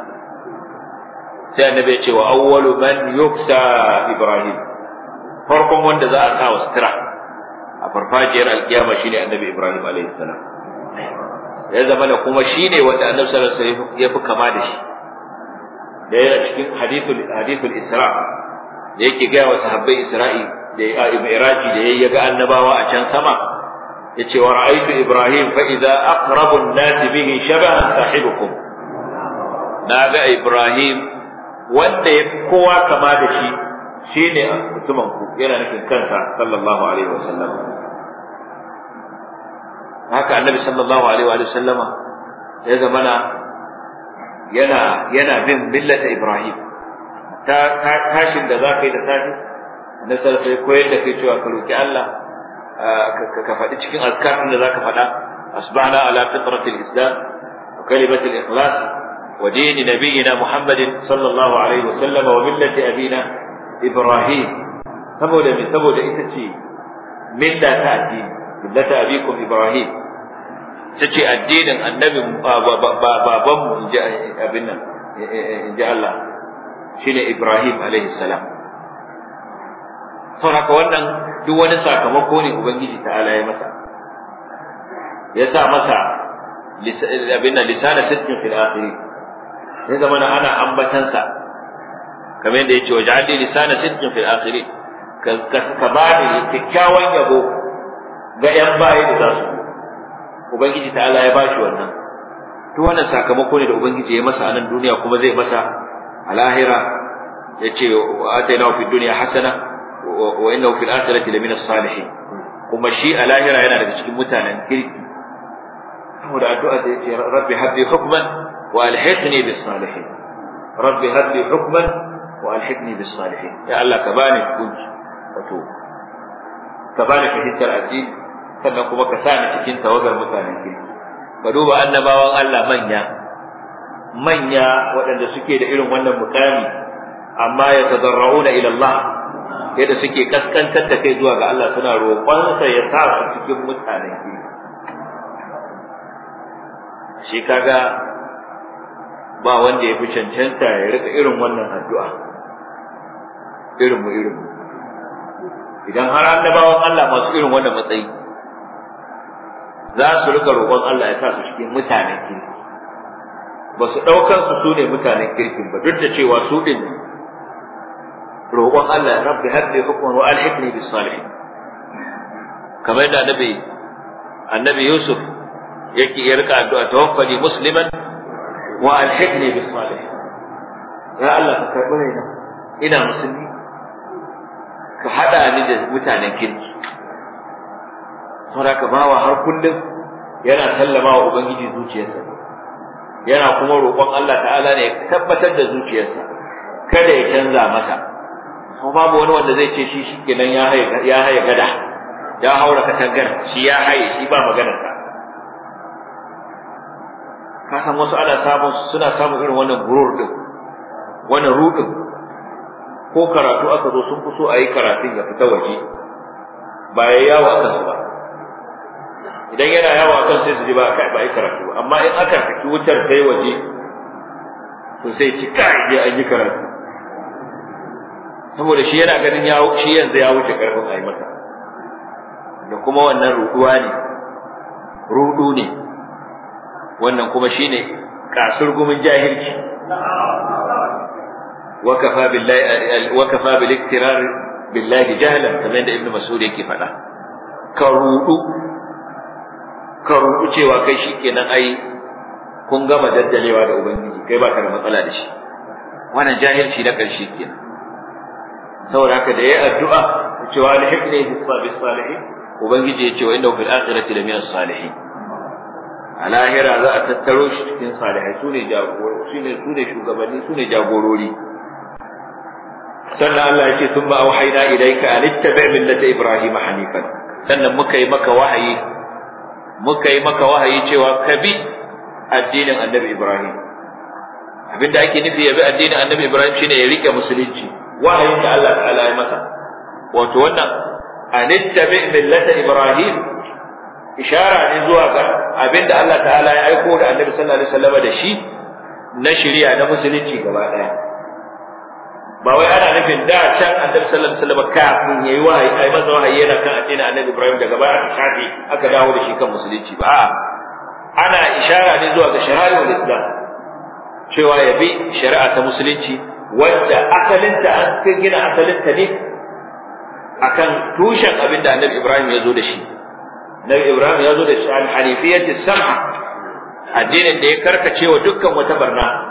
sai annabi ya ce wa awwalu man yuksa ibrahim farkon wanda za a kawo sutura a farfajiyar alkiyama shine annabi ibrahim alaihi salam ya zama da kuma shine wanda annabi sallallahu alaihi wasallam ya fi kama da shi da yana cikin hadithul hadithul isra da yake ga wa sahabbai isra'i da ya iraji da yayi ga annabawa a can sama yace wa ra'aytu ibrahim fa idza aqrabu an-nas bihi shabaha sahibukum na ga ibrahim wanda ya kowa kama da shi shine mutumin ku yana nufin kansa sallallahu alaihi wasallam haka annabi sallallahu alaihi wasallama ya zamana yana yana bin millata Ibrahim ta tashin da za ka yi da safe na sarfe koyar da kai cewa ka roki Allah ka faɗi cikin azkar da za ka faɗa asbahna ala fitratil islam wa kalimatil ikhlas wa dini nabiyina muhammadin sallallahu alaihi wa sallam wa millati abina ibrahim saboda me saboda ita ce millata addini millata abikum ibrahim ta ce addinin annabi babanmu mu inji eh, abin nan eh, eh, inji Allah shine Ibrahim alaihi salam haka wannan duk wani sakamako ne ubangiji ta'ala ya masa ya sa masa abin nan lisana sittin fil akhirin ya zama ana ambatansa kamar yadda ya ce yake waja'alli lisana sittin fil akhirin ka ba ni kyakkyawan yabo ga 'yan bayi da za su ubangiji ta'ala ya bashi wannan to wannan sakamako ne da ubangiji ya masa a nan duniya kuma zai masa a lahira ya ce wa atainahu fid dunya hasana wa innahu fil akhirati lamina salihin kuma shi a lahira yana daga cikin mutanen kirki saboda addu'a da yake rabbi habbi hukman wa alhiqni bis salihin rabbi habbi hukman wa alhiqni bis salihin ya Allah ka bani hukunci wato ka bani fahimtar addini sannan kuma ka sa ni cikin tawagar mutanen ke. ka duba annabawan Allah manya manya waɗanda suke da irin wannan mukami amma ya tazarra'u da ilallah yadda suke kaskantar da kai zuwa ga Allah suna roƙonsa ya sa su cikin mutanen ke. shi kaga ba wanda ya fi cancanta ya rika irin wannan addu'a irin mu irin mu idan har annabawan Allah masu irin wannan matsayi za su rika roƙon Allah ya sa su cikin mutanen kirki ba su ɗaukar su su ne mutanen kirkin ba duk da cewa su ɗin roƙon Allah ya rabbi har da hukman wa alhikni bi salihin kamar yadda annabi annabi Yusuf yake ya rika addu'a tawaffani musliman wa alhikni bi salihin ya Allah ka karɓi raina ina musulmi ka haɗa ni da mutanen kirki saboda ka bawa har kullum yana sallama wa ubangiji zuciyarsa yana kuma roƙon Allah ta'ala ne ya tabbatar da zuciyarsa kada ya canza masa kuma babu wani wanda zai ce shi shikenan ya haye ya haye gada ya haura katangar shi ya haye shi ba maganarsa ka san wasu ana samun suna samun irin wannan gurur din wannan rudin ko karatu aka zo sun fi so a yi karatun ya fita waje ba ya yawo aka kansu ba idan yana yawa a kan sai su ji ba kai ba yi karatu amma in aka saki wutar kai waje to sai ci kai je an yi karatu saboda shi yana ganin ya shi yanzu ya wuce karfin a yi masa da kuma wannan ruduwa ne rudu ne wannan kuma ne kasur gumin jahilci wa kafa billahi wa kafa bil iktirar billahi jahlan kamar da ibnu mas'ud yake faɗa ka rudu ka rubu cewa kai kenan ai kun gama daddalewa da ubangiji kai baka da matsala da shi wannan jahilci na karshe kenan saboda haka da yayi addu'a cewa alhiqni bis salihin ubangiji ya ce wa inda fil akhirati laminas salihin a lahira za a tattaro shi cikin salihai su ne su ne shugabanni su ne jagorori sannan Allah yake ce sun ba auhaina ilaika an ittabi millata ibrahim hanifan sannan muka yi maka wahayi muka yi maka wahayi cewa ka bi addinin annabi Ibrahim abinda ake nufi ya bi addinin annabi Ibrahim shine ya rike musulunci wahayin da Allah ta'ala ya masa wato wannan anittabi millata Ibrahim ishara ne zuwa ga abinda Allah ta'ala ya aiko da annabi sallallahu alaihi wasallam da shi na shari'a na musulunci gaba daya ba wai ana nufin da can annabi sallallahu alaihi wasallam kafin yayi wahayi ai masa wahayi yana kan addinin annabi Ibrahim daga baya aka shafe aka dawo da shi kan musulunci ba ana ishara ne zuwa ga shari'ul Islam cewa ya bi shari'a ta musulunci wanda asalinta an ka gina asalinta ne akan tushen abin da annabi Ibrahim ya zo da shi annabi Ibrahim ya zo da shi al-hanifiyyati sam'a addinin da ya karkace wa dukkan wata barna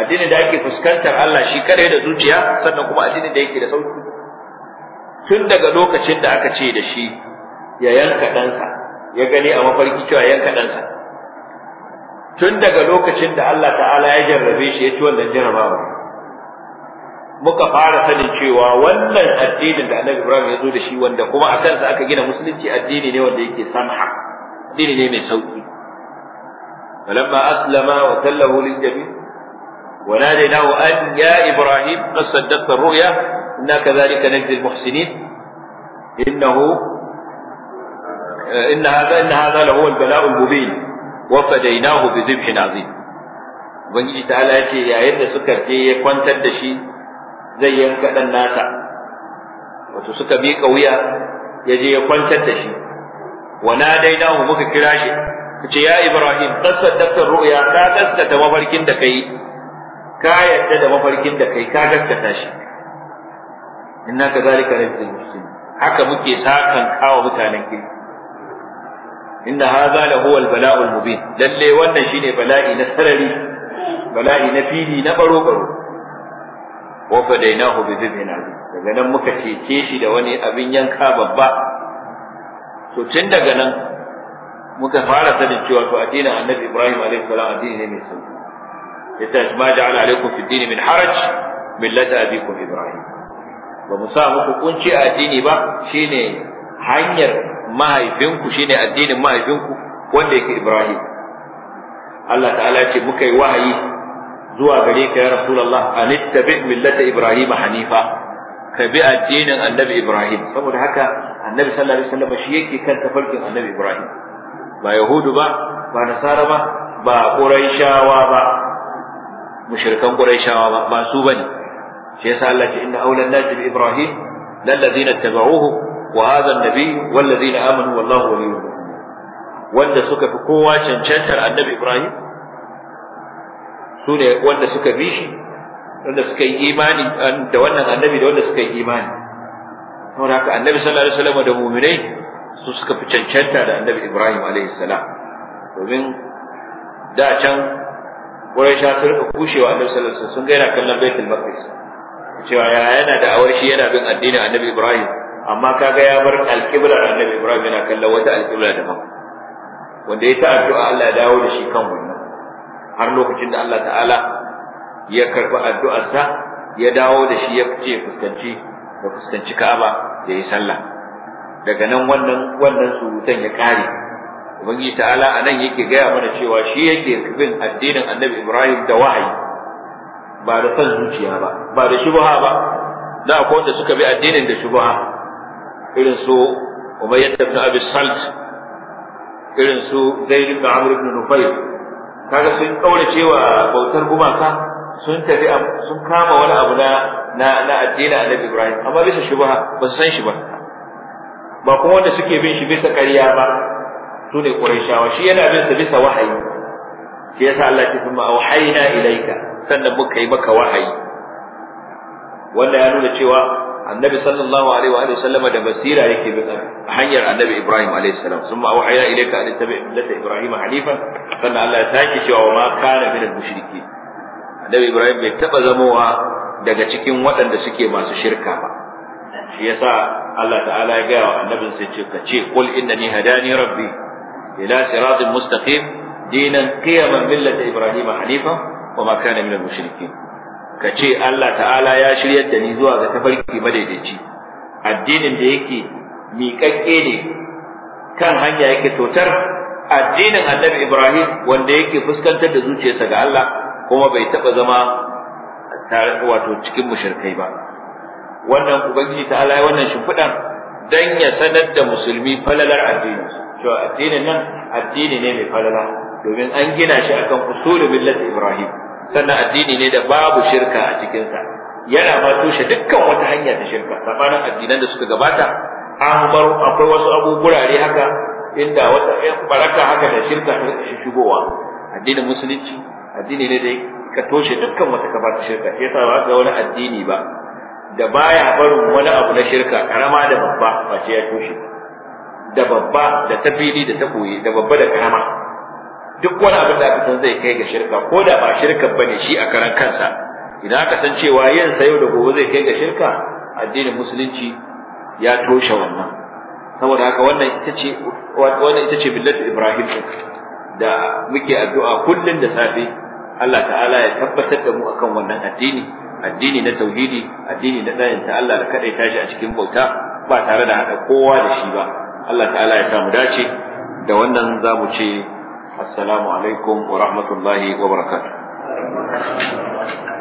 addini da yake fuskantar Allah shi kadai da zuciya sannan kuma addini da yake da sauki tun daga lokacin da aka ce da shi ya yanka ɗansa ya gani a mafarki cewa yanka ɗansa tun daga lokacin da Allah ta'ala ya jarrabe shi ya ci wannan jarrabawa muka fara sanin cewa wannan addinin da Annabi Ibrahim ya zo da shi wanda kuma a kansa aka gina musulunci addini ne wanda yake samha addini ne mai sauki falamma aslama wa tallahu lil jabin وناديناه أن يا إبراهيم قد صدقت الرؤيا إنا كذلك نجزي المحسنين إنه آه، إن هذا إن هذا لهو البلاء المبين وفديناه بذبح عظيم وبنجي تعالى يا يد سكر جي يكون تدشي زي ينكا الناس وتسكى بيك ويا يجي يكون تدشي وناديناه مكي كراشي يا إبراهيم قصة دكتور رؤيا لا تستطيع وفركين دكي ka yadda da mafarkin da kai ka gaskata shi inna kadhalika najzil muslimin haka muke sakan kawo mutanen ki? inna hadha la huwa al-bala'u al-mubin lalle wannan shine bala'i na sarari bala'i na fili na baro baro wa fadainahu bi dhibhin azim daga nan muka cece shi da wani abin yanka babba to tun daga nan muka fara sanin cewa to addinin annabi Ibrahim alaihi salam addini ne mai sauki yace ma ja'ala alaikum fid din min haraj millata abikum ibrahim ba mu sa muku kunci a addini ba shine hanyar mahaifinku shine addinin mahaifinku wanda yake ibrahim Allah ta'ala ce muka yi wahayi zuwa gare ka ya rasulullah an ittabi millata ibrahim hanifa ka bi addinin annabi ibrahim saboda haka annabi sallallahu alaihi wasallam shi yake kan tafarkin annabi ibrahim ba yahudu ba ba nasara ba ba quraishawa ba mushrikan quraishawa ba ba su bane shi yasa Allah ce inna awlan nas bi ibrahim lallazina tabauhu wa hadha an-nabi wallazina amanu wallahu waliyuhum wanda suka fi kowa cancantar annabi ibrahim su ne wanda suka bi shi wanda suka yi imani da wannan annabi da wanda suka yi imani saboda haka annabi sallallahu alaihi wasallam da mu'minai su suka fi cancanta da annabi ibrahim alaihi salam domin da can Quraysha sun rika kushewa Annabi sallallahu alaihi wasallam sun gaira kallon Baitul Maqdis cewa ya yana da awar shi yana bin addinin Annabi Ibrahim amma kaga ya bar alqibla Annabi Ibrahim yana kallon wata alqibla mako. wanda ya ta addu'a Allah ya dawo da shi kan wannan har lokacin da Allah ta'ala ya karba addu'arsa ya dawo da shi ya fice fuskanci ya fuskanci Ka'aba da yi sallah daga nan wannan wannan surutan ya kare ubangiji ta'ala anan yake gaya mana cewa shi yake bin addinin annabi ibrahim da wahayi ba da san zuciya ba ba da shubha ba da akwai wanda suka bi addinin da shubha irin su umayyad ibn abi salt irin su zaid ibn amr ibn nufayl kaga sun kaura cewa bautar gumaka sun tafi sun kama wani abu na na addinin annabi ibrahim amma bisa shubha ba su san shi ba ba kuma wanda suke bin shi bisa ƙarya ba su ne ƙurashawa. shi yana bin su bisa wahayi shi yasa Allah ya ce kuma na ilaika? sannan muka yi maka wahayi wanda ya nuna cewa annabi sallallahu alaihi wa sallam da basira yake bin hanyar annabi Ibrahim alaihi salam sun ma auhayna ilayka an tabi millata Ibrahim hanifan sannan Allah ya sake cewa ma kana min al-mushriki annabi Ibrahim bai taba zamowa daga cikin waɗanda suke masu shirka ba shi yasa Allah ta'ala ya gaya wa annabin sai ce ka ce qul innani hadani rabbi ila siratin mustaqim dinan qiyaman millata ibrahima hanifa wa ma kana minal mushrikin kace Allah ta'ala ya shiryar da ni zuwa ga tafarki madaidaici addinin da yake miƙaƙƙe ne kan hanya yake totar addinin annabi Ibrahim wanda yake fuskantar da zuciyarsa ga Allah kuma bai taba zama wato cikin mushrikai ba wannan ubangiji ta Allah wannan shimfiɗan dan ya sanar da musulmi falalar addinin cewa addinin nan addini ne mai falala domin an gina shi akan usul millati ibrahim sannan addini ne da babu shirka a cikinsa yana ma tushe dukkan wata hanya ta shirka tsakanin addinan da suka gabata an bar akwai wasu abubuwa haka inda wata baraka haka da shirka ta shigowa addinin musulunci addini ne da ka toshe dukkan wata gaba ta shirka sai ta ba wani addini ba da baya barin wani abu na shirka karama da babba ba sai ya toshe ba da babba da ta fili da ta koyi da babba da karama duk wani abin da aka san zai kai ga shirka ko da ba shirka bane shi a karan kansa idan aka san cewa yin sa yau da gobe zai kai ga shirka addinin musulunci ya toshe wannan saboda haka wannan ita ce wannan ita ce billatu ibrahim da muke addu'a kullun da safe Allah ta'ala ya tabbatar da mu akan wannan addini addini na tauhidi addini na dayin ta Allah da kadai tashi a cikin bauta ba tare da hada kowa da shi ba Allah ta'ala ya mu dace da wannan za mu ce assalamu alaikum wa rahmatullahi wa barakatuh